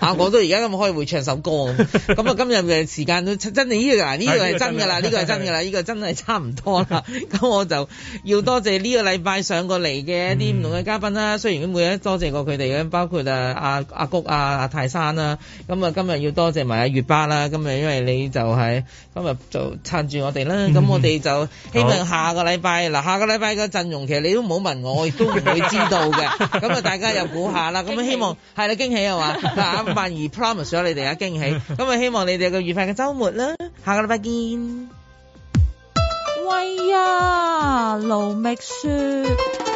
啊我都而家咁可以回唱首歌。咁 啊今日嘅時間都真係呢、呢個呢、呢個係真㗎啦，呢、呢個係真㗎啦，呢、呢個呢個呢個呢個真係差唔多啦。咁 我就要多謝呢個禮拜上過嚟嘅一啲唔同嘅嘉賓啦、嗯。雖然每日多謝過佢哋包括阿阿谷啊、阿、啊啊啊、泰山啦、啊。咁啊今日要多謝埋阿月巴啦。今日因為你就係、是、今日就撐住我哋啦。咁、嗯、我哋就希望下個禮拜嗱、嗯，下個禮拜陣容其實你都唔好問我，我亦都唔會知道嘅。咁啊，大家又估下啦。咁 希望係啦，驚 喜係嘛？阿萬兒 promise 咗你哋啊驚喜。咁啊，希望你哋有個愉快嘅周末啦。下個禮拜見。喂啊，盧覓雪。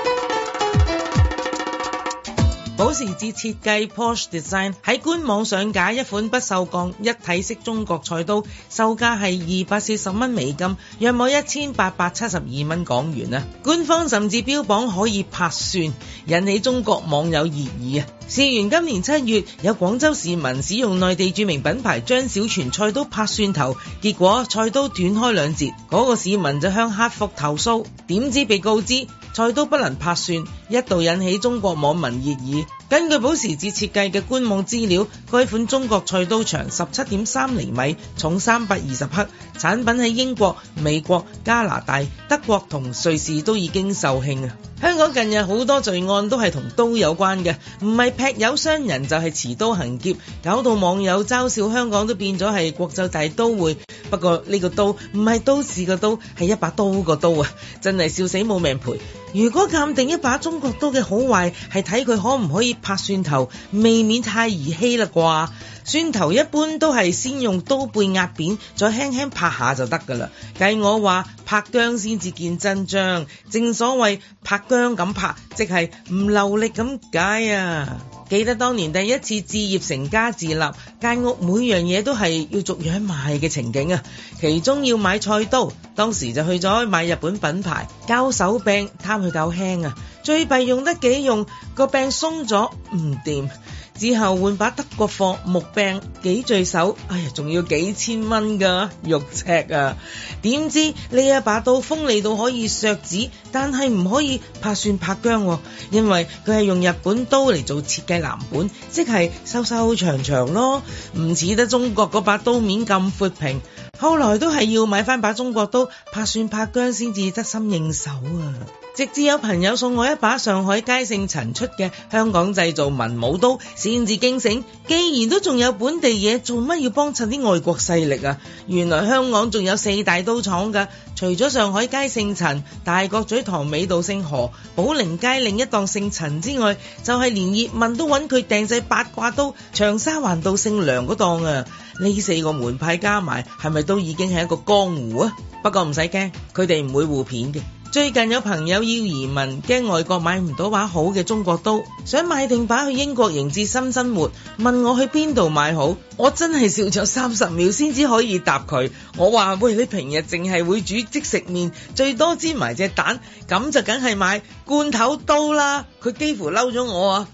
保時捷設計 Porsche Design 喺官網上架一款不鏽鋼一體式中國菜刀，售價係二百四十蚊美金，約莫一千八百七十二蚊港元啊！官方甚至標榜可以拍蒜，引起中國網友熱議啊！事緣今年七月，有廣州市民使用內地著名品牌張小泉菜刀拍蒜頭，結果菜刀斷開兩截，嗰、那個市民就向客服投訴，點知被告知。菜刀不能拍蒜一度引起中國網民熱議。根據保時捷設計嘅官網資料，該款中國菜刀長十七點三厘米，重三百二十克。產品喺英國、美國、加拿大、德國同瑞士都已經售罄。啊！香港近日好多罪案都係同刀有關嘅，唔係劈友傷人就係持刀行劫，搞到網友嘲笑香港都變咗係國際大刀會。不過呢個刀唔係都市嘅刀，係一把刀個刀啊！真係笑死冇命賠。如果鑑定一把中國刀嘅好壞係睇佢可唔可以拍蒜頭，未免太兒戲啦啩？蒜頭一般都係先用刀背壓扁，再輕輕拍下就得㗎喇。計我話拍薑先至見真章，正所謂拍薑咁拍，即係唔留力咁解呀。記得當年第一次置業成家自立間屋，每樣嘢都係要逐樣買嘅情景啊！其中要買菜刀，當時就去咗買日本品牌膠手柄，貪佢夠輕啊，最弊用得幾用，個柄，柄鬆咗唔掂。不之後換把德國貨木柄幾就手，哎呀，仲要幾千蚊㗎肉赤啊！點知呢一把刀鋒利到可以削紙，但係唔可以拍蒜拍薑，因為佢係用日本刀嚟做設計藍本，即係瘦瘦長長咯，唔似得中國嗰把刀面咁闊平。後來都係要買返把中國刀拍蒜拍薑先至得心應手啊！直至有朋友送我一把上海街姓陳出嘅香港製造文武刀，先至驚醒。既然都仲有本地嘢，做乜要幫襯啲外國勢力啊？原來香港仲有四大刀廠噶，除咗上海街姓陳、大角咀塘尾道姓何、寶靈街另一檔姓陳之外，就係連葉問都揾佢訂製八卦刀。長沙灣道姓梁嗰檔啊，呢四個門派加埋，係咪都已經係一個江湖啊？不過唔使驚，佢哋唔會互片嘅。最近有朋友要移民，驚外國買唔到把好嘅中國刀，想買定把去英國迎接新生活，問我去邊度買好。我真係笑咗三十秒先至可以答佢。我話：喂，你平日淨係會煮即食麵，最多煎埋隻蛋，咁就梗係買罐頭刀啦。佢幾乎嬲咗我啊！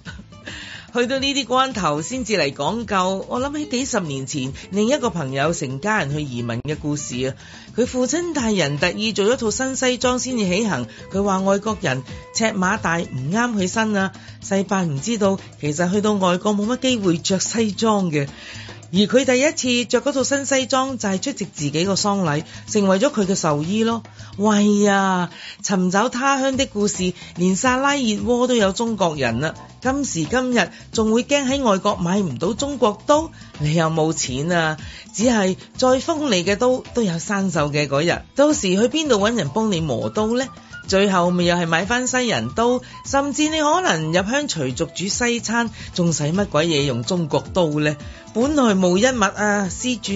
去到呢啲關頭先至嚟講究，我諗起幾十年前另一個朋友成家人去移民嘅故事啊！佢父親大人特意做咗套新西裝先至起行，佢話外國人尺碼大唔啱佢身啊！世伯唔知道，其實去到外國冇乜機會着西裝嘅。而佢第一次着嗰套新西裝，就係、是、出席自己個喪禮，成為咗佢嘅壽衣咯。喂呀！尋找他鄉的故事，連薩拉熱窩都有中國人啦、啊。今時今日，仲會驚喺外國買唔到中國刀？你又冇錢啊！只係再鋒利嘅刀都有生鏽嘅嗰日，到時去邊度揾人幫你磨刀咧？最後咪又係買翻西人刀，甚至你可能入鄉隨俗煮西餐，仲使乜鬼嘢用中國刀呢？本來無一物啊，施主。